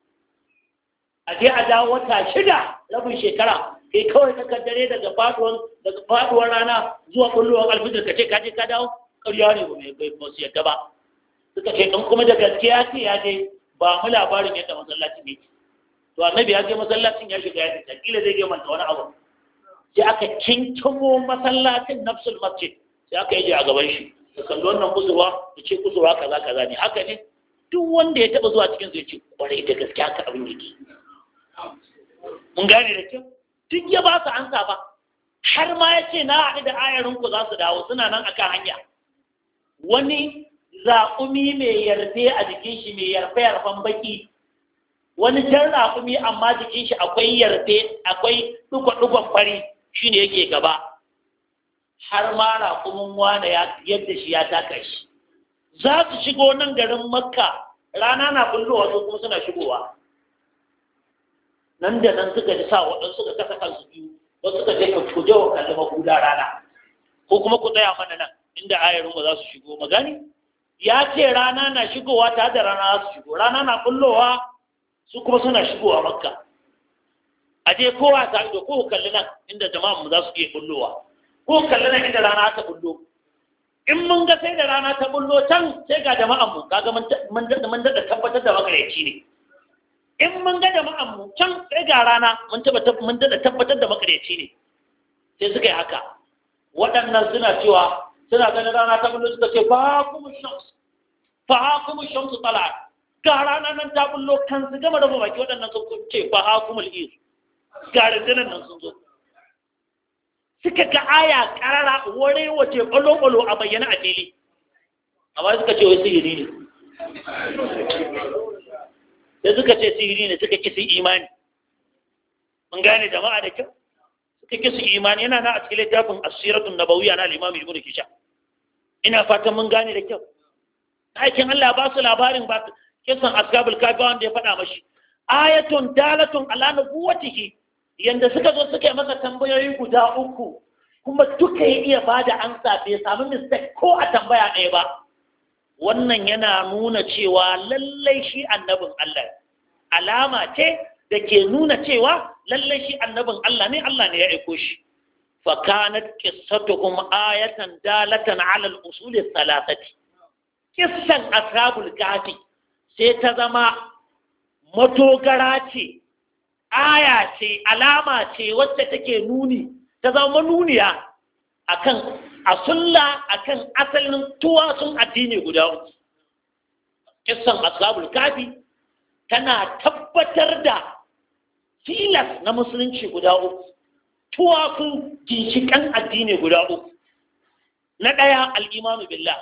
a je a dawo wata shida rabin shekara kai kawai ka kaddare daga faduwar daga faduwar rana zuwa kulluwar alfijir ka ce ka je ka dawo ƙarya ne ba mai ba su yadda ba suka ce ɗan kuma da gaskiya ce ya je ba mu labarin yadda masallacin ne to annabi ya je masallacin ya shiga ya fita kila zai je manta wani abu sai aka kinkimo masallacin nafsul masjid sai aka yi a gaban shi da kalli wannan kusurwa da ce kusurwa kaza kaza ne haka ne duk wanda ya taba zuwa cikin zai ce kwarai da gaskiya ka abin yake mun gane da kyau duk ya ba su ansa ba har ma ya ce na haɗu da ayarinku za su dawo suna nan akan hanya wani zaƙumi mai yarfe a jikin shi mai yarfe-yarfen baki wani jan zaƙumi amma jikin shi akwai yarfe akwai ɗugon fari shi ne yake gaba har ma raƙumin wane yadda shi ya taka shi za su shigo nan garin makka rana na bullowa su kuma suna shigowa nan da nan suka ji sa waɗansu suka kasa kansu biyu wasu suka je ku je wa kalli mahuda rana ko kuma ku tsaya mana nan inda ayarin ba za su shigo magani ya ce rana na shigowa ta da rana za su shigo rana na kullowa su kuma suna shigowa makka a je kowa ta ido ko kalli nan inda jama'a mu za su iya kullowa ko kalli nan inda rana ta kullo in mun ga sai da rana ta bullo can sai ga jama'a mu kaga mun daɗa tabbatar da makareci ne in mun ga jama'an mu can sai ga rana mun tabbatar da makareci ne sai suka yi haka waɗannan suna cewa suna ganin rana ta bullo suka ce fa kuma shams fa kuma shams tala ga rana nan ta bullo kan su gama raba baki waɗannan sun ce fa kuma al'ir ga rana nan sun zo suka ga aya karara wani wace ƙwalo-ƙwalo a bayyana a fili amma suka ce wai sihiri ne da suka ce sihiri ne suka kisa imani mun gane jama'a da kyau suka kisa imani yana na a cikin littafin asiratun nabawiyya na al-imam ibnu kisha ina fatan mun gane da kyau aikin Allah ba su labarin ba kisan asgabul kafi wanda ya faɗa mashi ayatun dalatun ala nubuwatihi yanda suka zo suka yi masa tambayoyi guda uku kuma duka ya iya bada amsa bai samu mistake ko a tambaya ɗaya ba wannan yana nuna cewa lallai shi annabin Allah alama ce da ke nuna cewa lallai shi annabin Allah ne Allah ne ya aiko shi fa kanat qissatuhum ayatan dalatan ala al-usul thalathati kissan ashabul kahfi sai ta zama matogara ce aya ce alama ce wacce take nuni ta zama nuniya akan a sulla kan asalin tuwasun addini guda uku kisan ashabul kafi tana tabbatar da filas na musulunci guda uku tuwasun ginshikan addini guda uku na ɗaya al'imanu billah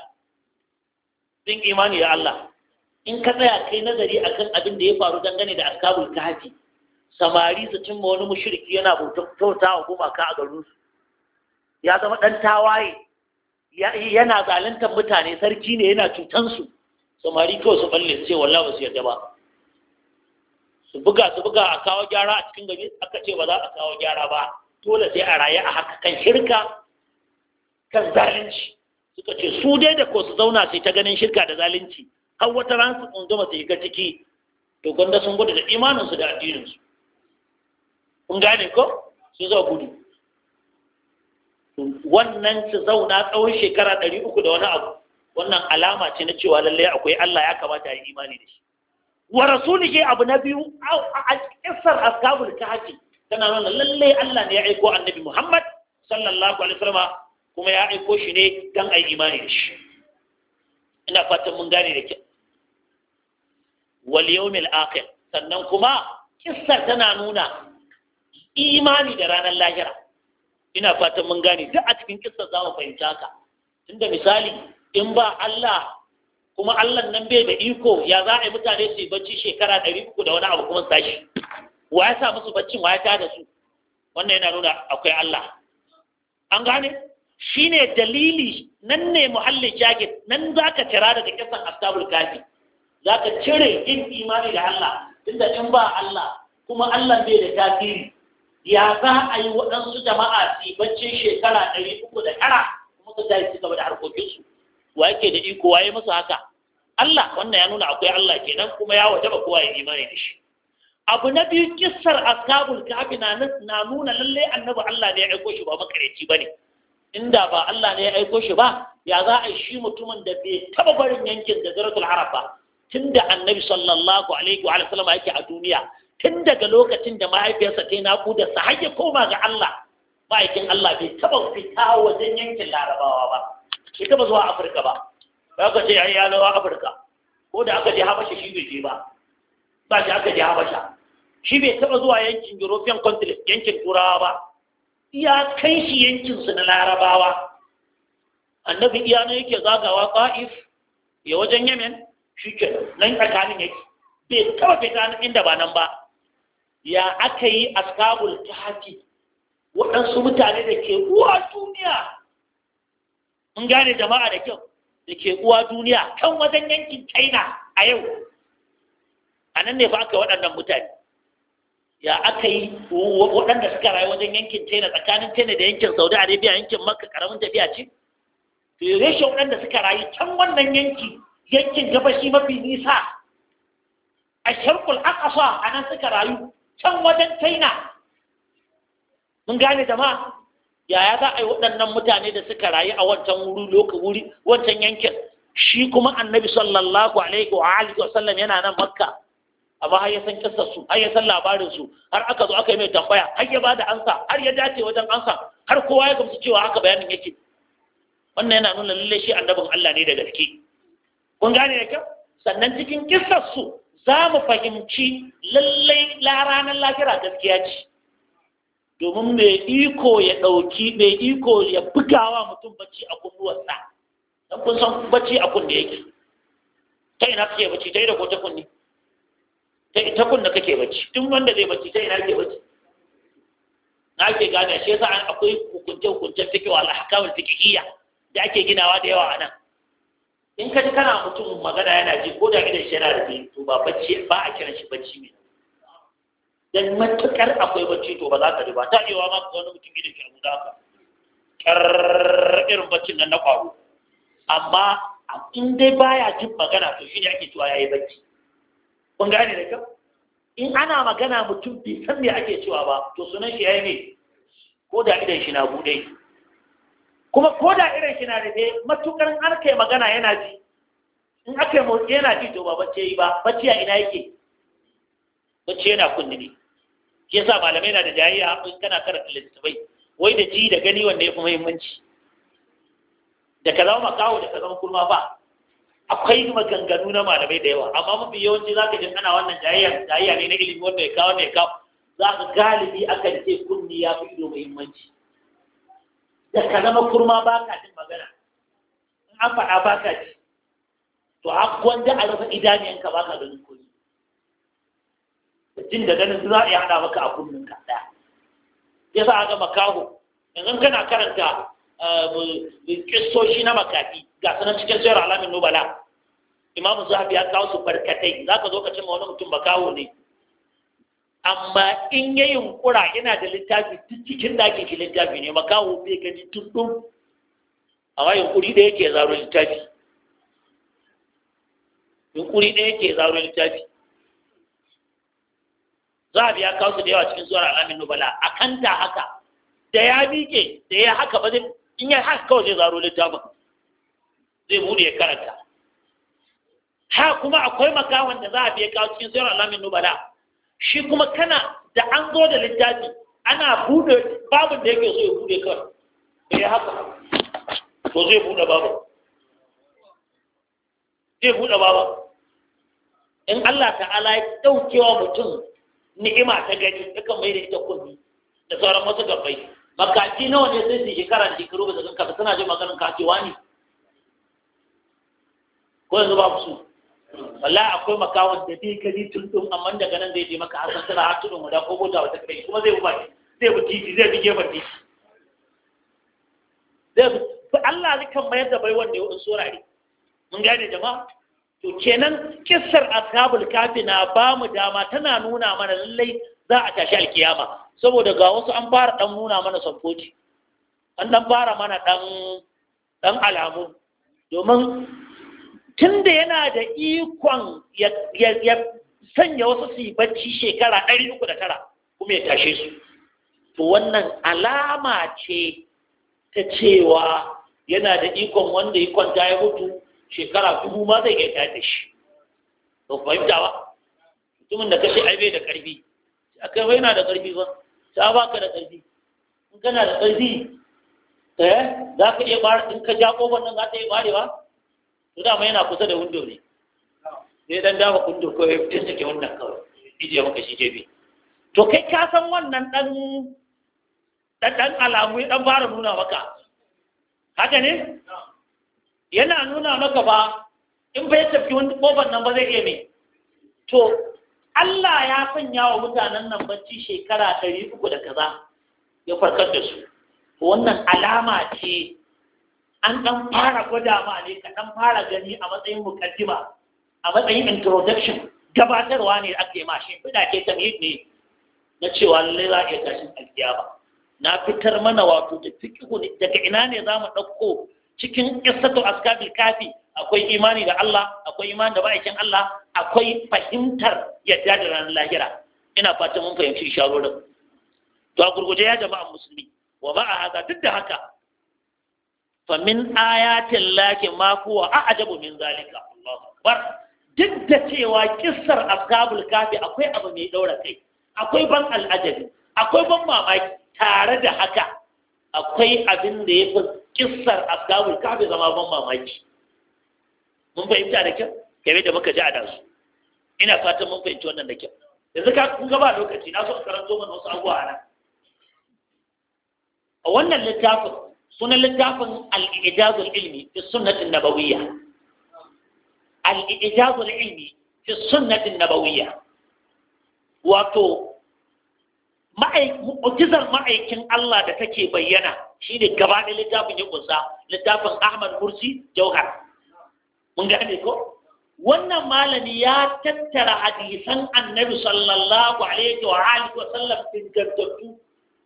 din imani ya Allah in ka tsaya kai nazari a kan abin da ya faru dangane da ashabul kafi samari su cimma wani mushriki yana bautar wa gumaka a garinsu ya zama ɗan tawaye yana zaluntar mutane sarki ne yana cutansu samari kawai su balle ce wallahi ba su yarda ba su buga su buga a kawo gyara a cikin gari aka ce ba za a kawo gyara ba dole sai a raye a haka kan shirka kan zalunci suka ce su dai da ko su zauna sai ta ganin shirka da zalunci har wata ran su tsunduma su ga ciki to gwanda sun gudu da imaninsu da addininsu kun gane ko sun zo gudu wannan su zauna tsawon shekara ɗari uku da wani abu wannan alama ce na cewa lallai akwai Allah ya kamata a yi imani da shi wa rasulihi abu na biyu a kissar ta kahfi tana nuna lallai Allah ne ya aiko annabi Muhammad sallallahu alaihi wasallam kuma ya aiko shi ne dan ai imani da shi ina fatan mun gane da kyau wal yawmil akhir sannan kuma kissar tana nuna imani da ranar lahira ina fatan mun gane duk a cikin kissa za mu fahimci haka tunda misali in ba Allah kuma Allah nan bai da iko ya za a yi mutane su yi bacci shekara ɗari uku da wani abu kuma tashi wa ya sa musu baccin wa ya tada su wannan yana nuna akwai Allah an gane shine dalili nan ne muhallin shagid nan za ka tira daga kisan astabul kafi za ka cire yin imani da Allah tunda in ba Allah kuma Allah bai da tasiri ya za a yi waɗansu jama'a su baccin shekara ɗari uku da tara kuma su tashi gaba da harkokinsu wa yake da iko wa waye musu haka Allah wannan ya nuna akwai Allah kenan kuma ya wajaba kowa ya imani da shi abu na biyu kissar ashabul kahfi na na nuna lalle annabi Allah ne ya aiko shi ba makareci bane inda ba Allah ne ya aiko shi ba ya za a shi mutumin da bai taba barin yankin da zaratul arab ba tunda annabi sallallahu alaihi wa sallam yake a duniya tun daga lokacin da mahaifiyarsa ta yi naƙuda sa har ya koma ga Allah ma'aikin Allah bai taɓa fita wajen yankin larabawa ba bai taɓa zuwa afirka ba ba ka ce yayi yalawa afirka ko da aka je habasha shi bai je ba ba shi aka je habasha shi bai taɓa zuwa yankin european continent yankin turawa ba iya kai shi yankinsu na larabawa annabi iya ne yake zagawa ta'if ya wajen yemen shi ke nan tsakanin yake bai taɓa fita inda ba nan ba ya aka yi ta kahfi waɗansu mutane da ke uwa duniya mun gane jama'a da kyau da ke uwa duniya kan wajen yankin china a yau a nan ne fa aka waɗannan mutane ya aka yi waɗanda suka rayu wajen yankin china tsakanin china da yankin saudi arabia yankin makka karamin tafiya ce to ya waɗanda suka rayu can wannan yanki yankin gabashi mafi nisa a shirkul akasa a nan suka rayu can wajen china mun gane jama'a yaya za a yi waɗannan mutane da suka rayu a wancan wuri loka wuri wancan yankin shi kuma annabi sallallahu alaihi wa alihi wasallam yana nan makka amma har ya san kissar su har ya san labarin su har aka zo aka yi mai tambaya har ya bada ansa har ya dace wajen ansa har kowa ya gamsu cewa haka bayanin yake wannan yana nuna lalle shi annabin Allah ne da gaske kun gane da kyau sannan cikin kissar su za mu fahimci lallai ranar lahira gaskiya ce domin mai iko ya ɗauki mai iko ya bugawa mutum bacci a kunnuwarsa don kun san bacci a kunne yake ta ina kake bacci ta ina ko ta kunne ta ita kunne kake bacci duk wanda zai bacci ta ina ke bacci na ke gane shi yasa akwai hukunce hukuncen fiqh wal ahkam al da ake ginawa da yawa a nan in ka ji kana mutum magana yana ji ko da idan shi yana da bi to ba bacci ba a kiran shi bacci ne dan matukar akwai bacci to ba za ka ji ba ta ewa ma ka wani mutum gidan shi abu da ka kar irin baccin nan na kwaro amma in dai baya jin magana to shi ne ake cewa yayi bacci kun gane da kyau in ana magana mutum bai san me ake cewa ba to sunan shi yayi ne ko da idan shi na bude kuma ko da irin shi na rufe matukar an kai magana yana ji in aka yi motsi yana ji to ba bacci yi ba bacci ya ina yake bacci yana kunni ne shi yasa malamai na da jayayya in kana karanta littattafai wai da ji da gani wanda ya fi muhimmanci da ka zama makawo da ka zama kurma ba akwai maganganu na malamai da yawa amma mafi yawanci zaka ji ana wannan jayayya jayayya ne na ilimi wanda ya kawo ne ya kawo za ka galibi akan ce kunni ya fi ido muhimmanci da ka zama kurma ba ka jin magana in an faɗa ba ka ji to a gwanda a rufe idaniyanka ba ka ganin koyi jin da ganin za a yi haɗa maka a kunnen ka ɗaya ya sa aka makaho yanzu kana karanta eh, kistoshi na makafi ga sanar cikin sayar alamin nubala imamu zahabi ya kawo su barkatai za ka zo ka cimma wani mutum makaho ne amma in ya yunkura yana da littafi duk cikin ɗakin ke littafi ne makawo bai gani tuddum amma yunkuri da yake zaro littafi yunkuri da yake zaro littafi za a biya kawo su da yawa cikin zuwa alamin nubala a kan ta haka da ya miƙe da ya haka ba zai in ya haka kawo zai zaro littafin zai buɗe ya karanta ha kuma akwai makawan da za a biya kawo cikin zuwa alamin nubala shi kuma kana da an zo da littafi ana bude babin da yake so ya bude kan ya eh, haka to zai bude babu zai bude babu in Allah ta'ala ya daukewa mutum ni'ima ta gani kan mai da ita kunni da sauran masu gabai makaci nawa ne sai su shekara da shekaru ba su ganka suna jin maganin kaciwa ne ko yanzu babu su wallahi akwai makawon da bai tun ɗin amma daga nan zai je maka hasan tana har tudun guda ko mota wata kai kuma zai buba zai bi titi zai bi gefen titi zai bi Allah zai kan mayar da baiwan da ya wurin sorare mun gane jama'a to kenan kissar ashabul kafi na ba mu dama tana nuna mana lallai za a tashi alkiyama saboda ga wasu an fara dan nuna mana sankoci an dan fara mana dan dan alamu domin tun da yana da ikon ya sanya wasu su yi bacci shekara ɗari uku da tara kuma ya tashe su to wannan alama ce ta cewa yana da ikon wanda ikon ta ya mutu shekara dubu ma zai iya da shi to fahimta ba mutumin da kashe aibe da karfi akai wai yana da ƙarfi ba ta baka da ƙarfi. in kana da ƙarfi? eh za ka iya bar in ka ja kofar nan za ta iya barewa da dama yana kusa da window ne sai dan dama kundo ko ya fitin sake wannan kawai ije maka shi jebi to kai ka san wannan dan dan dan alamu ya dan fara nuna maka haka ne yana nuna maka ba in bai tafi wani kofar nan ba zai iya me to Allah ya sanya wa mutanen nan bacci shekara ɗari uku da kaza ya farkar da su wannan alama ce an ɗan fara gwada ma ne ka ɗan fara gani a matsayin mukaddima a matsayin introduction gabatarwa ne ake ma shi bida ke ta ne na cewa lallai za a iya tashin ba na fitar mana wato da fikihu daga ina ne zamu mu ɗauko cikin qissatu askabil kafi akwai imani da Allah akwai imani da ba'akin Allah akwai fahimtar yadda da ranar lahira ina fatan mun fahimci shawarar to a gurguje ya jama'an musulmi wa ma'a haka duk da haka fa min ayatin lahi ma huwa a'jabu min zalika Allahu akbar duk da cewa kissar ashabul kafi akwai abu mai daura kai akwai ban al'ajabi akwai ban mamaki tare da haka akwai abin da ya fi kissar ashabul kafi zama ban mamaki mun fahimta da kyau game da muka ji a dasu ina fatan mun fahimci wannan da kyau yanzu ka kun gaba lokaci na so karanto mana wasu abubuwa nan a wannan littafin Suna littafin al-ijazul ilmi fi sunnatin nabawiyya al-ijazul ilmi fi sunnatin nabawiyya wato mu'jizar ma'aikin Allah da take bayyana shine gaba da littafin ya kunsa littafin Ahmad Mursi Jauhar mun gane ko wannan malami ya tattara hadisan annabi sallallahu alaihi wa alihi wa sallam ingantattu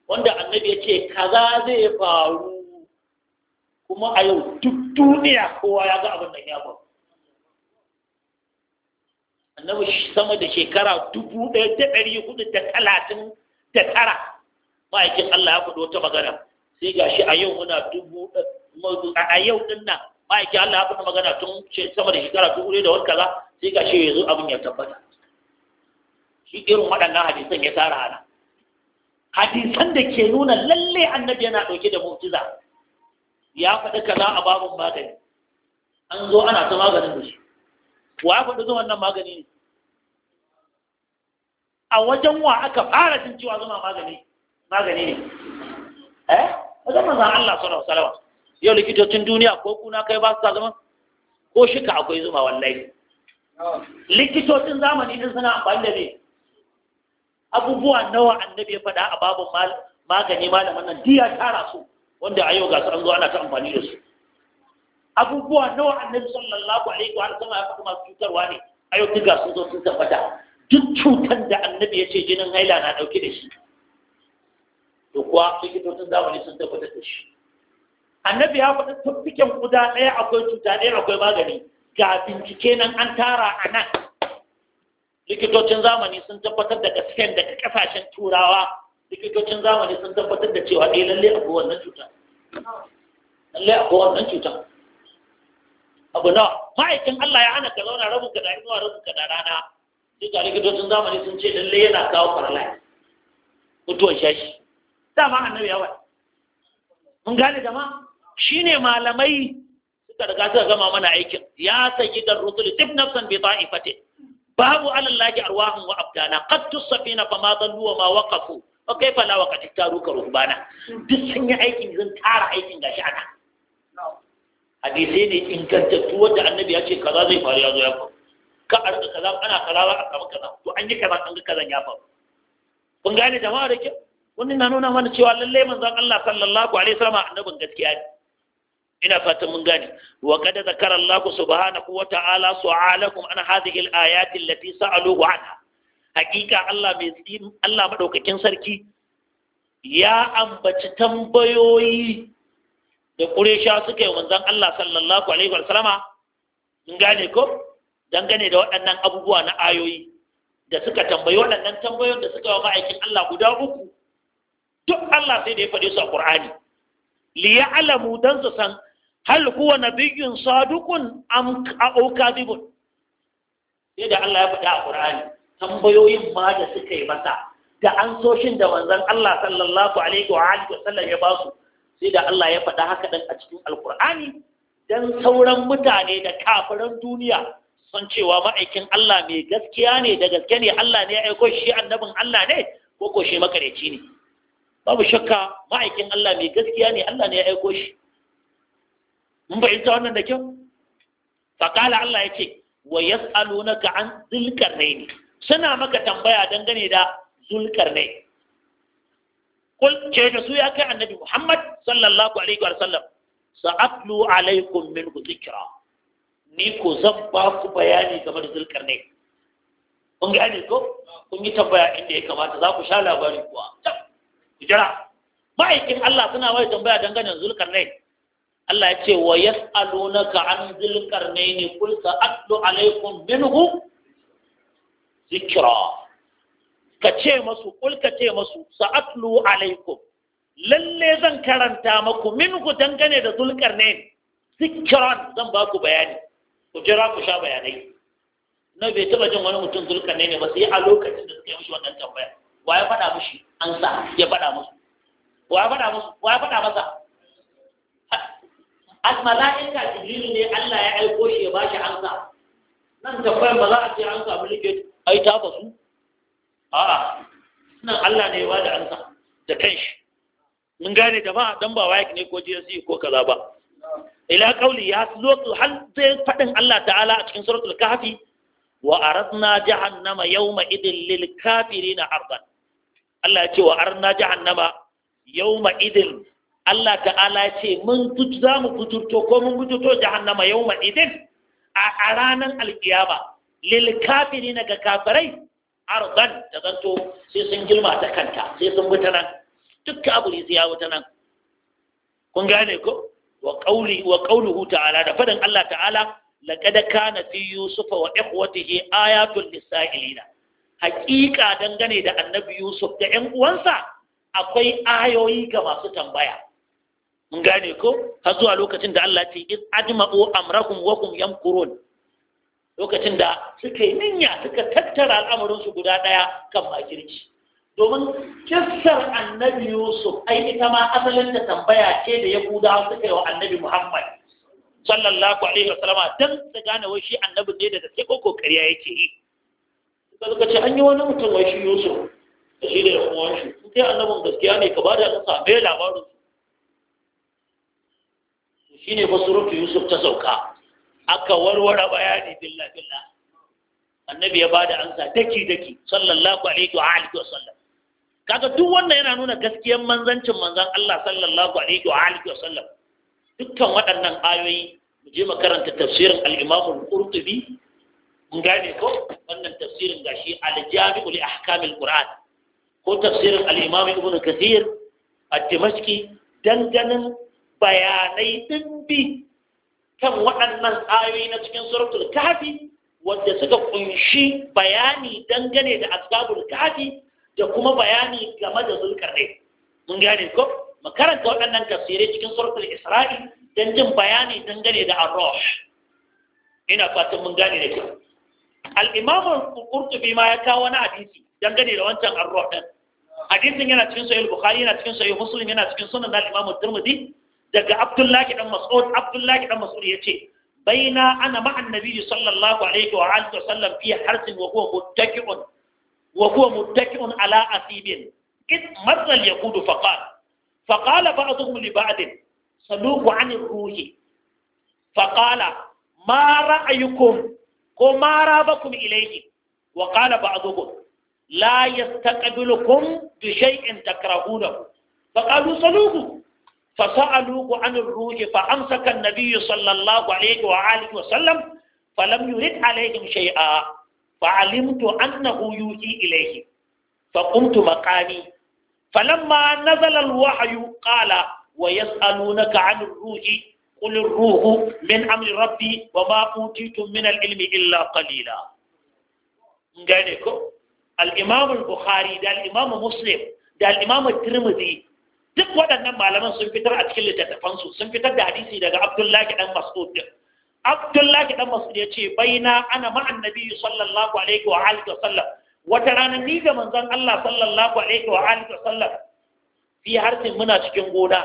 wanda annabi ya ce kaza zai faru kuma a yau duk duniya kowa ya ga abin da ya faru annabi sama da shekara dubu ɗaya da ɗari hudu da talatin da tara ma'aikin Allah ya faɗi wata magana sai ga shi a yau muna dubu a yau ɗin nan ma'aikin Allah ya faɗi magana tun sama da shekara dubu ɗaya da wata kaza sai ga shi yanzu abin ya tabbata shi irin waɗannan hadisan ya tara hana hadisan da ke nuna lalle annabi yana ɗauke da mu'jiza ya faɗi kaza a babin magani an zo ana ta maganin da shi wa faɗi zuwan nan magani ne a wajen wa aka fara jin cewa zuma magani magani ne eh wajen manzan Allah sallallahu alaihi wasallam yau likitocin duniya ko kuna kai ba su zama ko shika akwai zuma wallahi likitocin zamani din suna amfani da me abubuwa nawa annabi ya faɗa a babin magani malaman nan diya tara su wanda a yau ga su an zo ana ta amfani da su abubuwa nawa annabi sallallahu alaihi wa sallam ya faɗa masu cutarwa ne a yau ga sun zo sun tabbata duk cutar da annabi ya ce jinin haila na ɗauke da shi to kuwa likitocin zamani sun tabbatar da shi annabi ya faɗa tabbikin guda ɗaya akwai cuta ɗaya akwai magani ga bincike nan an tara a nan likitocin zamani sun tabbatar da gasken daga ƙasashen turawa likitocin zamani sun tabbatar da cewa ɗaya eh, lalle akwai wannan cuta lalle akwai wannan cuta abu na ma'aikin Allah ya hana ka zauna rabu ka da zuwa rabu ka da rana sai ga likitocin zamani sun ce lalle yana kawo paralyze mutuwar shashi dama annabi ya wani mun gane dama shine malamai suka riga suka gama mana aikin ya saki da rusul tib nafsan bi ta'ifati babu alallahi arwahum wa abdana qad tusfina fama dallu wa ma waqafu wa kai fala wa kadi taru ka ruhbana duk sun aikin zan tara aikin gashi ana hadisai ne ingantattu wanda annabi ya ce kaza zai faru ya zo ya faru ka a rika kaza ana kaza za a samu kaza to an yi kaza an ga kaza ya faru kun gane jama'a da kyau wannan na nuna mana cewa lalle manzon Allah sallallahu alaihi wasallam annabin gaskiya ne ina fatan mun gane wa qad zakara Allah subhanahu wa ta'ala su'alakum an hadhihi al-ayati allati sa'aluhu anha hakika Allah mai tsiri Allah madaukakin sarki ya ambaci tambayoyi da Quraysha suka yi manzon Allah sallallahu alaihi wasallama in gane ko dangane da waɗannan abubuwa na ayoyi da suka tambayi waɗannan tambayoyin da suka yi ma'aikin Allah guda uku duk Allah sai da ya fade su a Qur'ani li ya'lamu dan su san hal huwa nabiyyun sadiqun am kadhibun sai da Allah ya faɗa a Qur'ani tambayoyin ma da suka yi masa da ansoshin da manzan Allah sallallahu alaihi wa alihi wa sallam ya basu sai da Allah ya faɗa haka ɗan a cikin alkur'ani dan sauran mutane da kafiran duniya sun cewa ma'aikin Allah mai gaskiya ne da gaske ne Allah ne ya aiko shi annabin Allah ne ko ko shi makareci ne babu shakka ma'aikin Allah mai gaskiya ne Allah ne ya aiko shi mun fahimta wannan da kyau faqala Allah yace wa yas'alunaka an dhil ne? suna maka tambaya dangane da zulkar ne. kul ce da su ya kai annabi muhammad sallallahu alaihi wa sallam sa'atlu alaikum min zikra ni ko zan ba ku bayani game da zulkar ne kun ne ko kun yi tambaya inda ya kamata za ku sha labari kuwa ku jira ma'aikin Allah suna wai tambaya dangane da ne. Allah ya ce wa yas'alunaka an zulkar ne kul sa'atlu alaikum minhu zikira ka ce masu kul ka ce masu sa'atlu alaikum lalle zan karanta maku Min ku dangane da zulkar ne. zikiran zan ba ku bayani ku jira ku sha bayanai na bai taba jin wani mutum zulkar ne ba sai a lokacin da suka yi mishi wannan tambaya wa ya faɗa mishi an sa ya faɗa musu wa ya faɗa musu wa ya faɗa masa almala'ika mala'ika ne Allah ya aiko shi ya bashi ansa nan tambayan ba za a ce an samu likita ai ta basu a'a nan Allah ne ya da ansa da kanshi mun gane jama'a dan ba waya ne ko GSC e ko kaza ba ila qauli ya zo hal sai fadin Allah ta'ala a cikin suratul kahfi wa aradna jahannama yawma idil lil kafirina arda Allah ya ce wa aradna jahannama yawma idil Allah ta'ala ya ce mun za mu kuturto ko mun to jahannama yawma idil a ranan alkiyama lilkafiri na ga kafirai Arzan da zanto sai sun girma ta kanta sai sun bi ta nan duk ne sai ya wuta nan kun gane ko wa qauli wa qauluhu ta'ala da faɗin Allah ta'ala laqad kana fi yusuf wa ikhwatihi ayatun lisailina haƙiƙa dangane da annabi yusuf da ƴan uwansa akwai ayoyi ga masu tambaya mun gane ko har zuwa lokacin da Allah ce iz ajma'u amrahum wa hum yamkurun lokacin da suka yi ninya suka tattara al'amarinsu guda ɗaya kan makirci domin kissar annabi yusuf ai ita ma asalin da tambaya ce da ya yahudawa suka yi wa annabi muhammad sallallahu alaihi wa sallama dan su gane wai shi annabi ne da gaske ko kokariya yake yi suka suka ce an yi wani mutum wai shi yusuf da shi da kuma uwan shi in kai annabin gaskiya ne ka ba da kasa mai labarin shi ne fa yusuf ta sauka aka warware bayani billa-billa. annabi ya bada amsa daki daki sallallahu alaihi wa alihi wa sallam kaga duk wannan yana nuna gaskiyar manzancin manzan Allah sallallahu alaihi wa alihi wa sallam dukkan waɗannan ayoyi mu je mu karanta tafsirin al-Imam al-Qurtubi mun gane ko wannan tafsirin gashi al-Jami'u li ahkam al-Qur'an ko tafsirin al-Imam Ibn Kathir ad-Dimashqi danganin bayanai din bi kan waɗannan ayoyi na cikin suratul kafi wanda suka kunshi bayani dangane da asbabul kafi da kuma bayani game da zulkarnai mun gane ko makaranta waɗannan tafsirai cikin suratul isra'i don jin bayani dangane da arroh ina fatan mun gane da kyau al-imamu qurtubi ma ya kawo wani hadisi dangane da wancan arroh din hadisin yana cikin sahih bukhari yana cikin sahih muslim yana cikin sunan al-imamu tirmidhi daga abdullahi dan mas'ud abdullahi dan mas'ud yace baina ana ma'an nabiyyi sallallahu alaihi wa alihi wasallam fi harsin wa huwa muttaki'un wa huwa muttaki'un ala asibin id marra al-yahud fa qala fa qala ba'dhum li ba'd saluku 'an ar-ruhi fa qala ma ra'ayukum ko ma rabakum ilayhi wa qala ba'dhum la yastaqbilukum bi shay'in takrahunahu fa qalu saluku فسألوه عن الروح فأمسك النبي صلى الله عليه وآله وسلم فلم يرد عليهم شيئا فعلمت أنه يوحي إليه فقمت مقامي فلما نزل الوحي قال ويسألونك عن الروح قل الروح من أمر ربي وما أوتيتم من العلم إلا قليلا نقول الإمام البخاري ده الإمام مسلم ده الإمام الترمذي duk waɗannan malaman sun fitar a cikin littattafansu sun fitar da hadisi daga abdullahi dan mas'ud din abdullahi dan mas'ud ya ce baina ana ma'an nabi sallallahu alaihi wa alihi wa sallam wata rana ni da manzon Allah sallallahu alaihi wa alihi wa sallam fi harsin muna cikin gona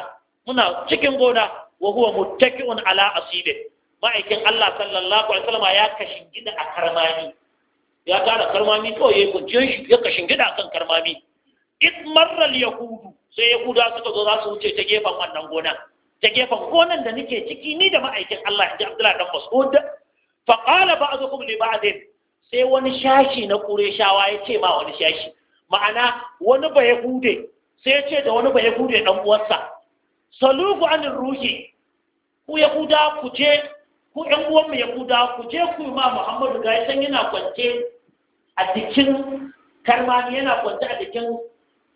muna cikin gona wa huwa muttaki'un ala asibe ma'aikin Allah sallallahu alaihi wa sallam ya kashin gida a karmami ya tara karmami kawai ya kunce shi ya kashin gida akan karmami id marra yahudu sai yahuda suka zo za su wuce ta gefen wannan gona. ta gefen gonan da nake ciki ni da ma'aikin Allah inji Abdullahi dan Mas'ud fa qala ba'dukum li ba'din sai wani shashi na Qurayshawa ya ce ma wani shashi ma'ana wani ba ya hude sai ya ce da wani ba ya hude dan uwarsa saluku anir ruhi ku yahuda ku je ku ƴan uwan mu yahuda ku je ku ma Muhammadu ga san yana kwance a jikin karmani. yana kwance a jikin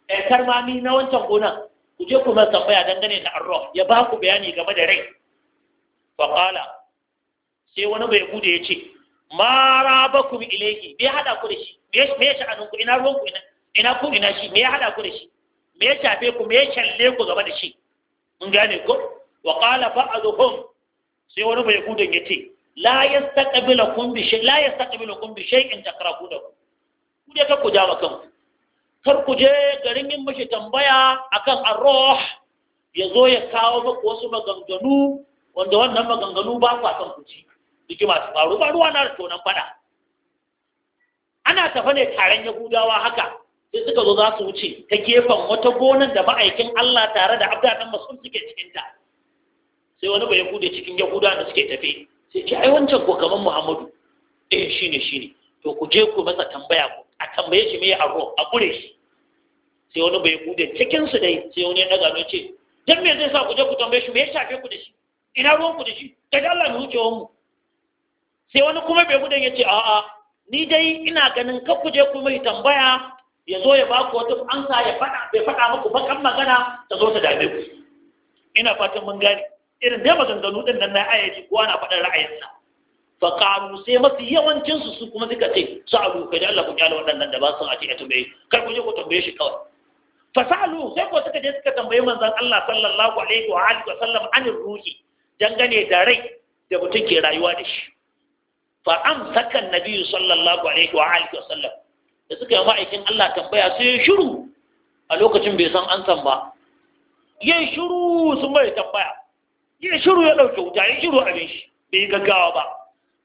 ɗan karmami na wancan gonan ku je ku masa tambaya dangane da arro ya ba ku bayani game da rai faƙala sai wani bai bude ya ce ma rabakum ilaihi me ya hada ku da shi me ya sha'anin ku ina ruwan ku ina ku ina shi me ya hada ku da shi me ya shafe ku me ya shalle ku gaba da shi mun gane ko wa qala ba'dhum sai wani bai gudan yace la yastaqbilukum bi shay la yastaqbilukum bi shay'in takrahunahu ku da ka ku jama kanku kar ku je garin yin mashi tambaya akan arroh ya zo ya kawo maku wasu maganganu wanda wannan maganganu ba ku san ku ci hikima masu faru ba ruwa na da tonan fada ana tafa ne taron yahudawa haka sai suka zo za su wuce ta gefen wata gonan da ma'aikin Allah tare da abdadan masu suke cikinta sai wani bai yahude cikin yahuda da suke tafe sai ce ai wancan ko kaman muhammadu eh shine shine to ku je ku masa tambaya ku a tambaye shi me ya aro a gure shi sai wani bai bude cikin su dai sai wani ya daga mai ce dan me zai sa ku je ku tambaye shi me ya shafe ku da shi ina ruwan ku da shi daga Allah mu huce mu sai wani kuma bai bude ya ce a'a ni dai ina ganin ka ku je ku mai tambaya ya zo ya baku wata amsa ya faɗa bai faɗa muku kan magana ta zo ta dame ku ina fatan mun gane irin dai maganganu din nan na ayyaji kowa na faɗar ra'ayinsa faƙaru sai mafi yawancinsu su kuma suka ce su abokai da Allah ku kyale waɗannan da ba su a ce a tambaye kar ku je ku tambaye shi kawai fasalu sai ko suka je suka tambayi manzon Allah sallallahu alaihi wa alihi wa sallam an ruhi dangane da rai da mutum ke rayuwa da shi fa saka annabi sallallahu alaihi wa alihi wa sallam da suka yi ma'aikin Allah tambaya sai ya shiru a lokacin bai san ansan ba ya shiru sun mai tambaya ya shiru ya dauke wuta ya shiru abin shi bai gaggawa ba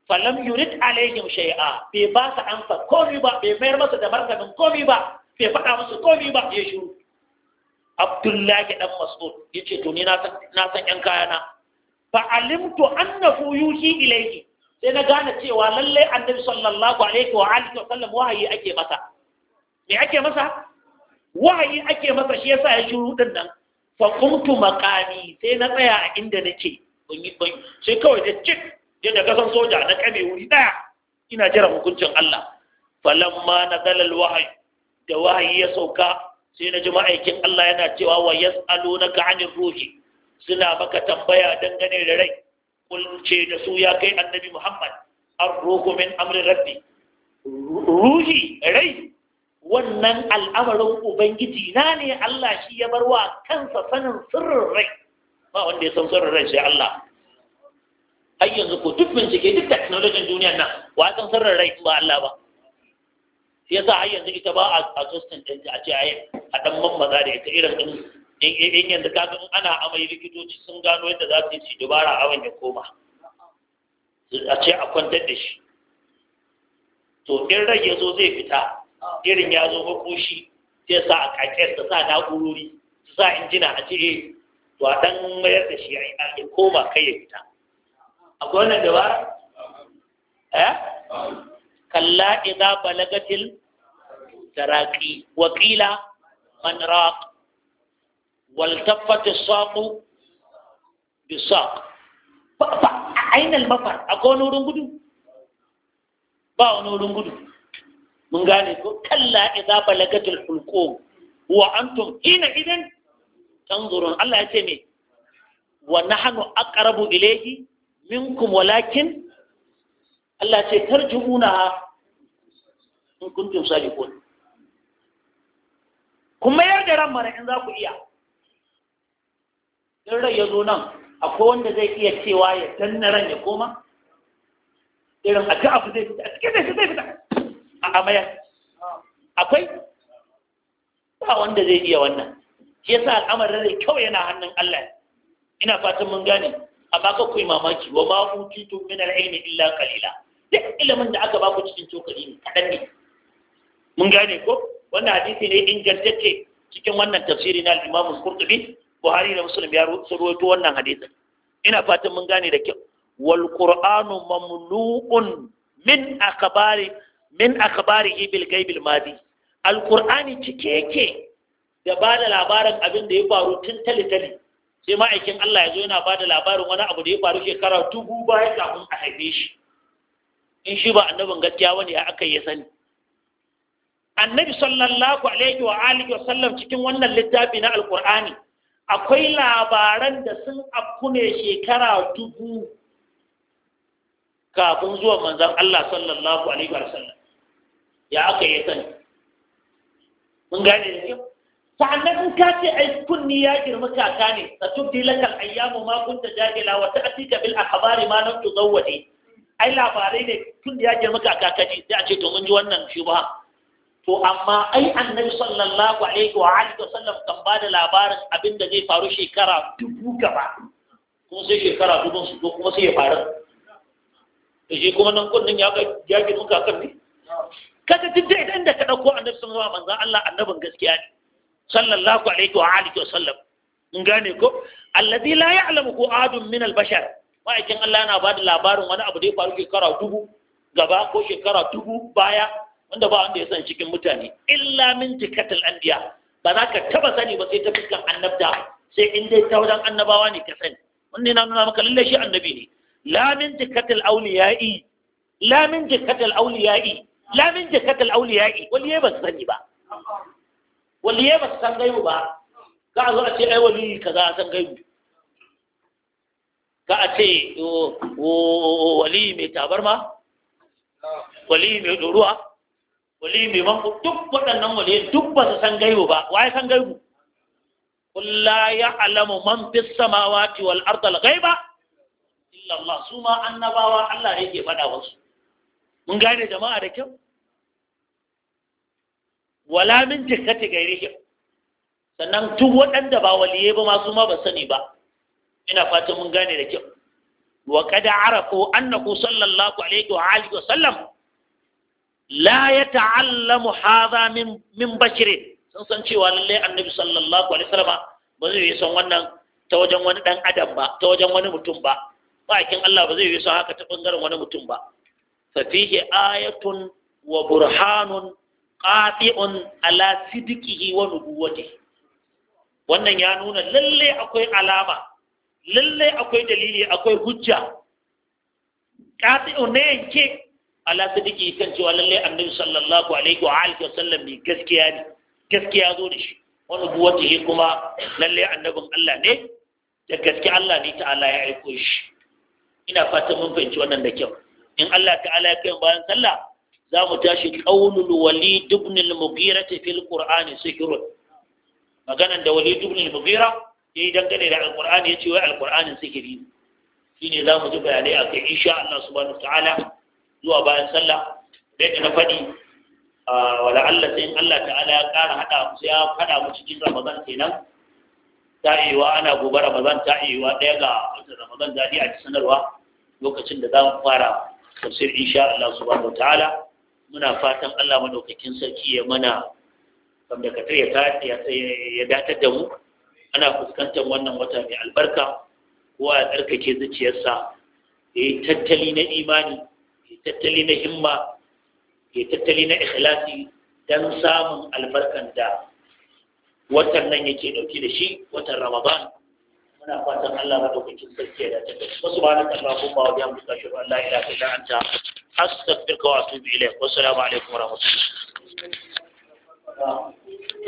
falam yurid alaihim shay'a bai ba su ansa komai ba bai mayar masa da martanin komai ba bai faɗa musu komi ba ya shiru abdullahi dan mas'ud yace to ni na san na kaya na fa alimtu annahu yuhi ilayhi sai na gane cewa lalle annabi sallallahu alaihi wa alihi wa sallam wahayi ake masa me ake masa wahayi ake masa shi yasa ya shiru din nan fa qumtu maqami sai na tsaya a inda nake sai kawai da cik da da san soja na kame wuri daya ina jira hukuncin Allah falamma nazala alwahyi da wahayi ya sauka sai na ji ma'aikin Allah yana cewa wa na 'anil ruhi suna maka tambaya dangane da rai kulce da su ya kai annabi Muhammad an ruhu min amrin rabbi ruhi rai wannan al'amarin ubangiji na ne Allah shi ya bar wa kansa sanin sirrin rai ba wanda ya san sirrin rai sai Allah ai yanzu ko duk bincike duk technology duniyar nan wa san sirrin rai ba Allah ba shi yasa har yanzu ita ba a sustain din a ce ai a dan mammaza da ita irin din in in yanzu kaga in ana amai likitoci sun gano yadda za su yi su dubara abin ya koma a ce a kwantar da shi to in rai ya zo zai fita irin ya zo makoshi sai sa a kakiyar ta sa na'urori su sa injina a ce eh to a dan mayar da shi ya koma kai ya fita akwai wannan dabara eh kalla idza balagatil taraqi wa qila man raq wal taffat as-saq bisaq fa ainal mafar akwai wani wurin gudu ba wani wurin gudu mun gane ko kalla idza balagatil hulqum wa antum ina idan tanzurun Allah ya ce me wa nahnu aqrabu ilayhi minkum walakin Allah ce tarjumuna in kuntum sadiqun kuma mayar da ran mana in za ku iya in rai ya zo nan akwai wanda zai iya cewa ya danna ran ya koma irin a ga abu zai fita a cikin zai fita a amayar akwai ba wanda zai iya wannan shi yasa al'amarin rai kyau yana hannun Allah ina fatan mun gane a ka ku mamaki wa ma utitu min al'aini illa qalila duk ilimin da aka baku cikin cokali ne kaɗan ne mun gane ko wannan hadisi ne ingantacce cikin wannan tafsiri na al-Imam Buhari da Muslim ya rawaito wannan hadisi ina fatan mun gane da kyau wal Qur'anu mamlu'un min akabari min akhbari bil gaibil madi al-qur'ani cike yake da ba da labarin abin da ya faru tun talitali sai ma'aikin Allah ya zo yana ba da labarin wani abu da ya faru shekara dubu baya kafin a haife shi in shi ba annabin gaskiya wani ya aka yi sani annabi sallallahu alaihi wa alihi wa sallam cikin wannan littafi na alqur'ani akwai labaran da sun afku ne shekara dubu kafin zuwa manzon Allah sallallahu alaihi wa sallam ya aka yi sani mun gane ne sa'annan in ka ce ai kunni ya girma kaka ne satubdi lakal ayyamu ma kunta jahila wa ta'tika bil akhbari ma lam tuzawwadi ai labarai ne tun da ya je maka kakaji sai a ce to mun ji wannan shubha to amma ai annabi sallallahu alaihi wa alihi wasallam kan ba da labarin abin da zai faru shekara dubu gaba kuma sai shekara dubun su ko kuma sai ya faru to shi kuma nan kunnin ya ga ya ji muka kan ne kaga duk da idan da ka dauko annabi sallallahu alaihi manzon Allah annabin gaskiya ne sallallahu alaihi wa alihi wasallam in gane ko alladhi la ya'lamu ku adun min al-bashar ma'aikin Allah yana ba da labarin wani abu da ya faru shekara dubu gaba ko shekara dubu baya wanda ba wanda ya san cikin mutane illa min jikatul anbiya ba za ka taba sani ba sai ta fuskan annabta sai in dai ta wajen annabawa ne ka sani wannan yana nuna maka lalle shi annabi ne la min jikatul awliya'i la min jikatul awliya'i la min jikatul awliya'i waliye ba su sani ba waliye ba su san gaibu ba Za a zo a ce ai wali kaza san gaibu ka a ce wali mai tabarma wali mai ɗoruwa wali mai manko duk waɗannan wali duk ba su san gaibu ba waye san gaibu kulla ya alamu man fi samawati wal ardal gaiba illa Allah su ma annabawa Allah yake faɗa wasu mun gane jama'a da kyau wala min jikkati kyau sannan duk waɗanda ba waliye ba ma su ma ba sani ba ina fatan mun gane da kyau wa qad arafu annahu sallallahu alaihi wa alihi wa sallam la yata'allamu hadha min min bashirin sun san cewa lalle annabi sallallahu alaihi wasallam ba zai yi son wannan ta wajen wani dan adam ba ta wajen wani mutum ba bakin Allah ba zai yi son haka ta bangaren wani mutum ba fa fihi ayatun wa burhanun qati'un ala sidqihi wa nubuwwatihi wannan ya nuna lalle akwai alama lallai akwai dalili akwai hujja qati'u ne yanke ala sadiki kan cewa lallai annabi sallallahu alaihi wa alihi sallam ne gaskiya ne gaskiya zo da shi wa nubuwatihi kuma lallai annabin Allah ne da gaskiya Allah ne ta'ala ya aiko shi ina fatan mun fahimci wannan da kyau in Allah ta'ala ya kai bayan sallah za mu tashi qaulul walid ibn al-mughira al qur'ani sihrun maganan da walid ibn al-mughira sai dangane da alkur'ani ya ce wai alkur'anin sikiri shine za mu ji bayanai a kai insha Allah subhanahu zuwa bayan sallah da yake na faɗi wala Allah sai Allah ta'ala ya ƙara haɗa mu sai ya mu cikin Ramadan kenan ta'iwa ana gobe Ramadan ta'iwa ɗaya ga Ramadan zaɗi a sanarwa lokacin da za mu fara tafsir insha Allah subhanahu muna fatan Allah madaukakin sarki ya mana wanda ka ya datar da mu ana fuskantar wannan wata mai albarka kowa ya tsarkake zuciyarsa ya yi tattali na imani ya tattali na himma ya tattali na ikhlasi don samun albarkan da watan nan yake dauki da shi watan ramadan muna fatan Allah dokokin sarki ya ta da wasu ba na kalla kun ba wajen buka shi ba Allah ya ila kaza anta astaghfiruka wa atubu ilaik wassalamu alaikum wa rahmatullahi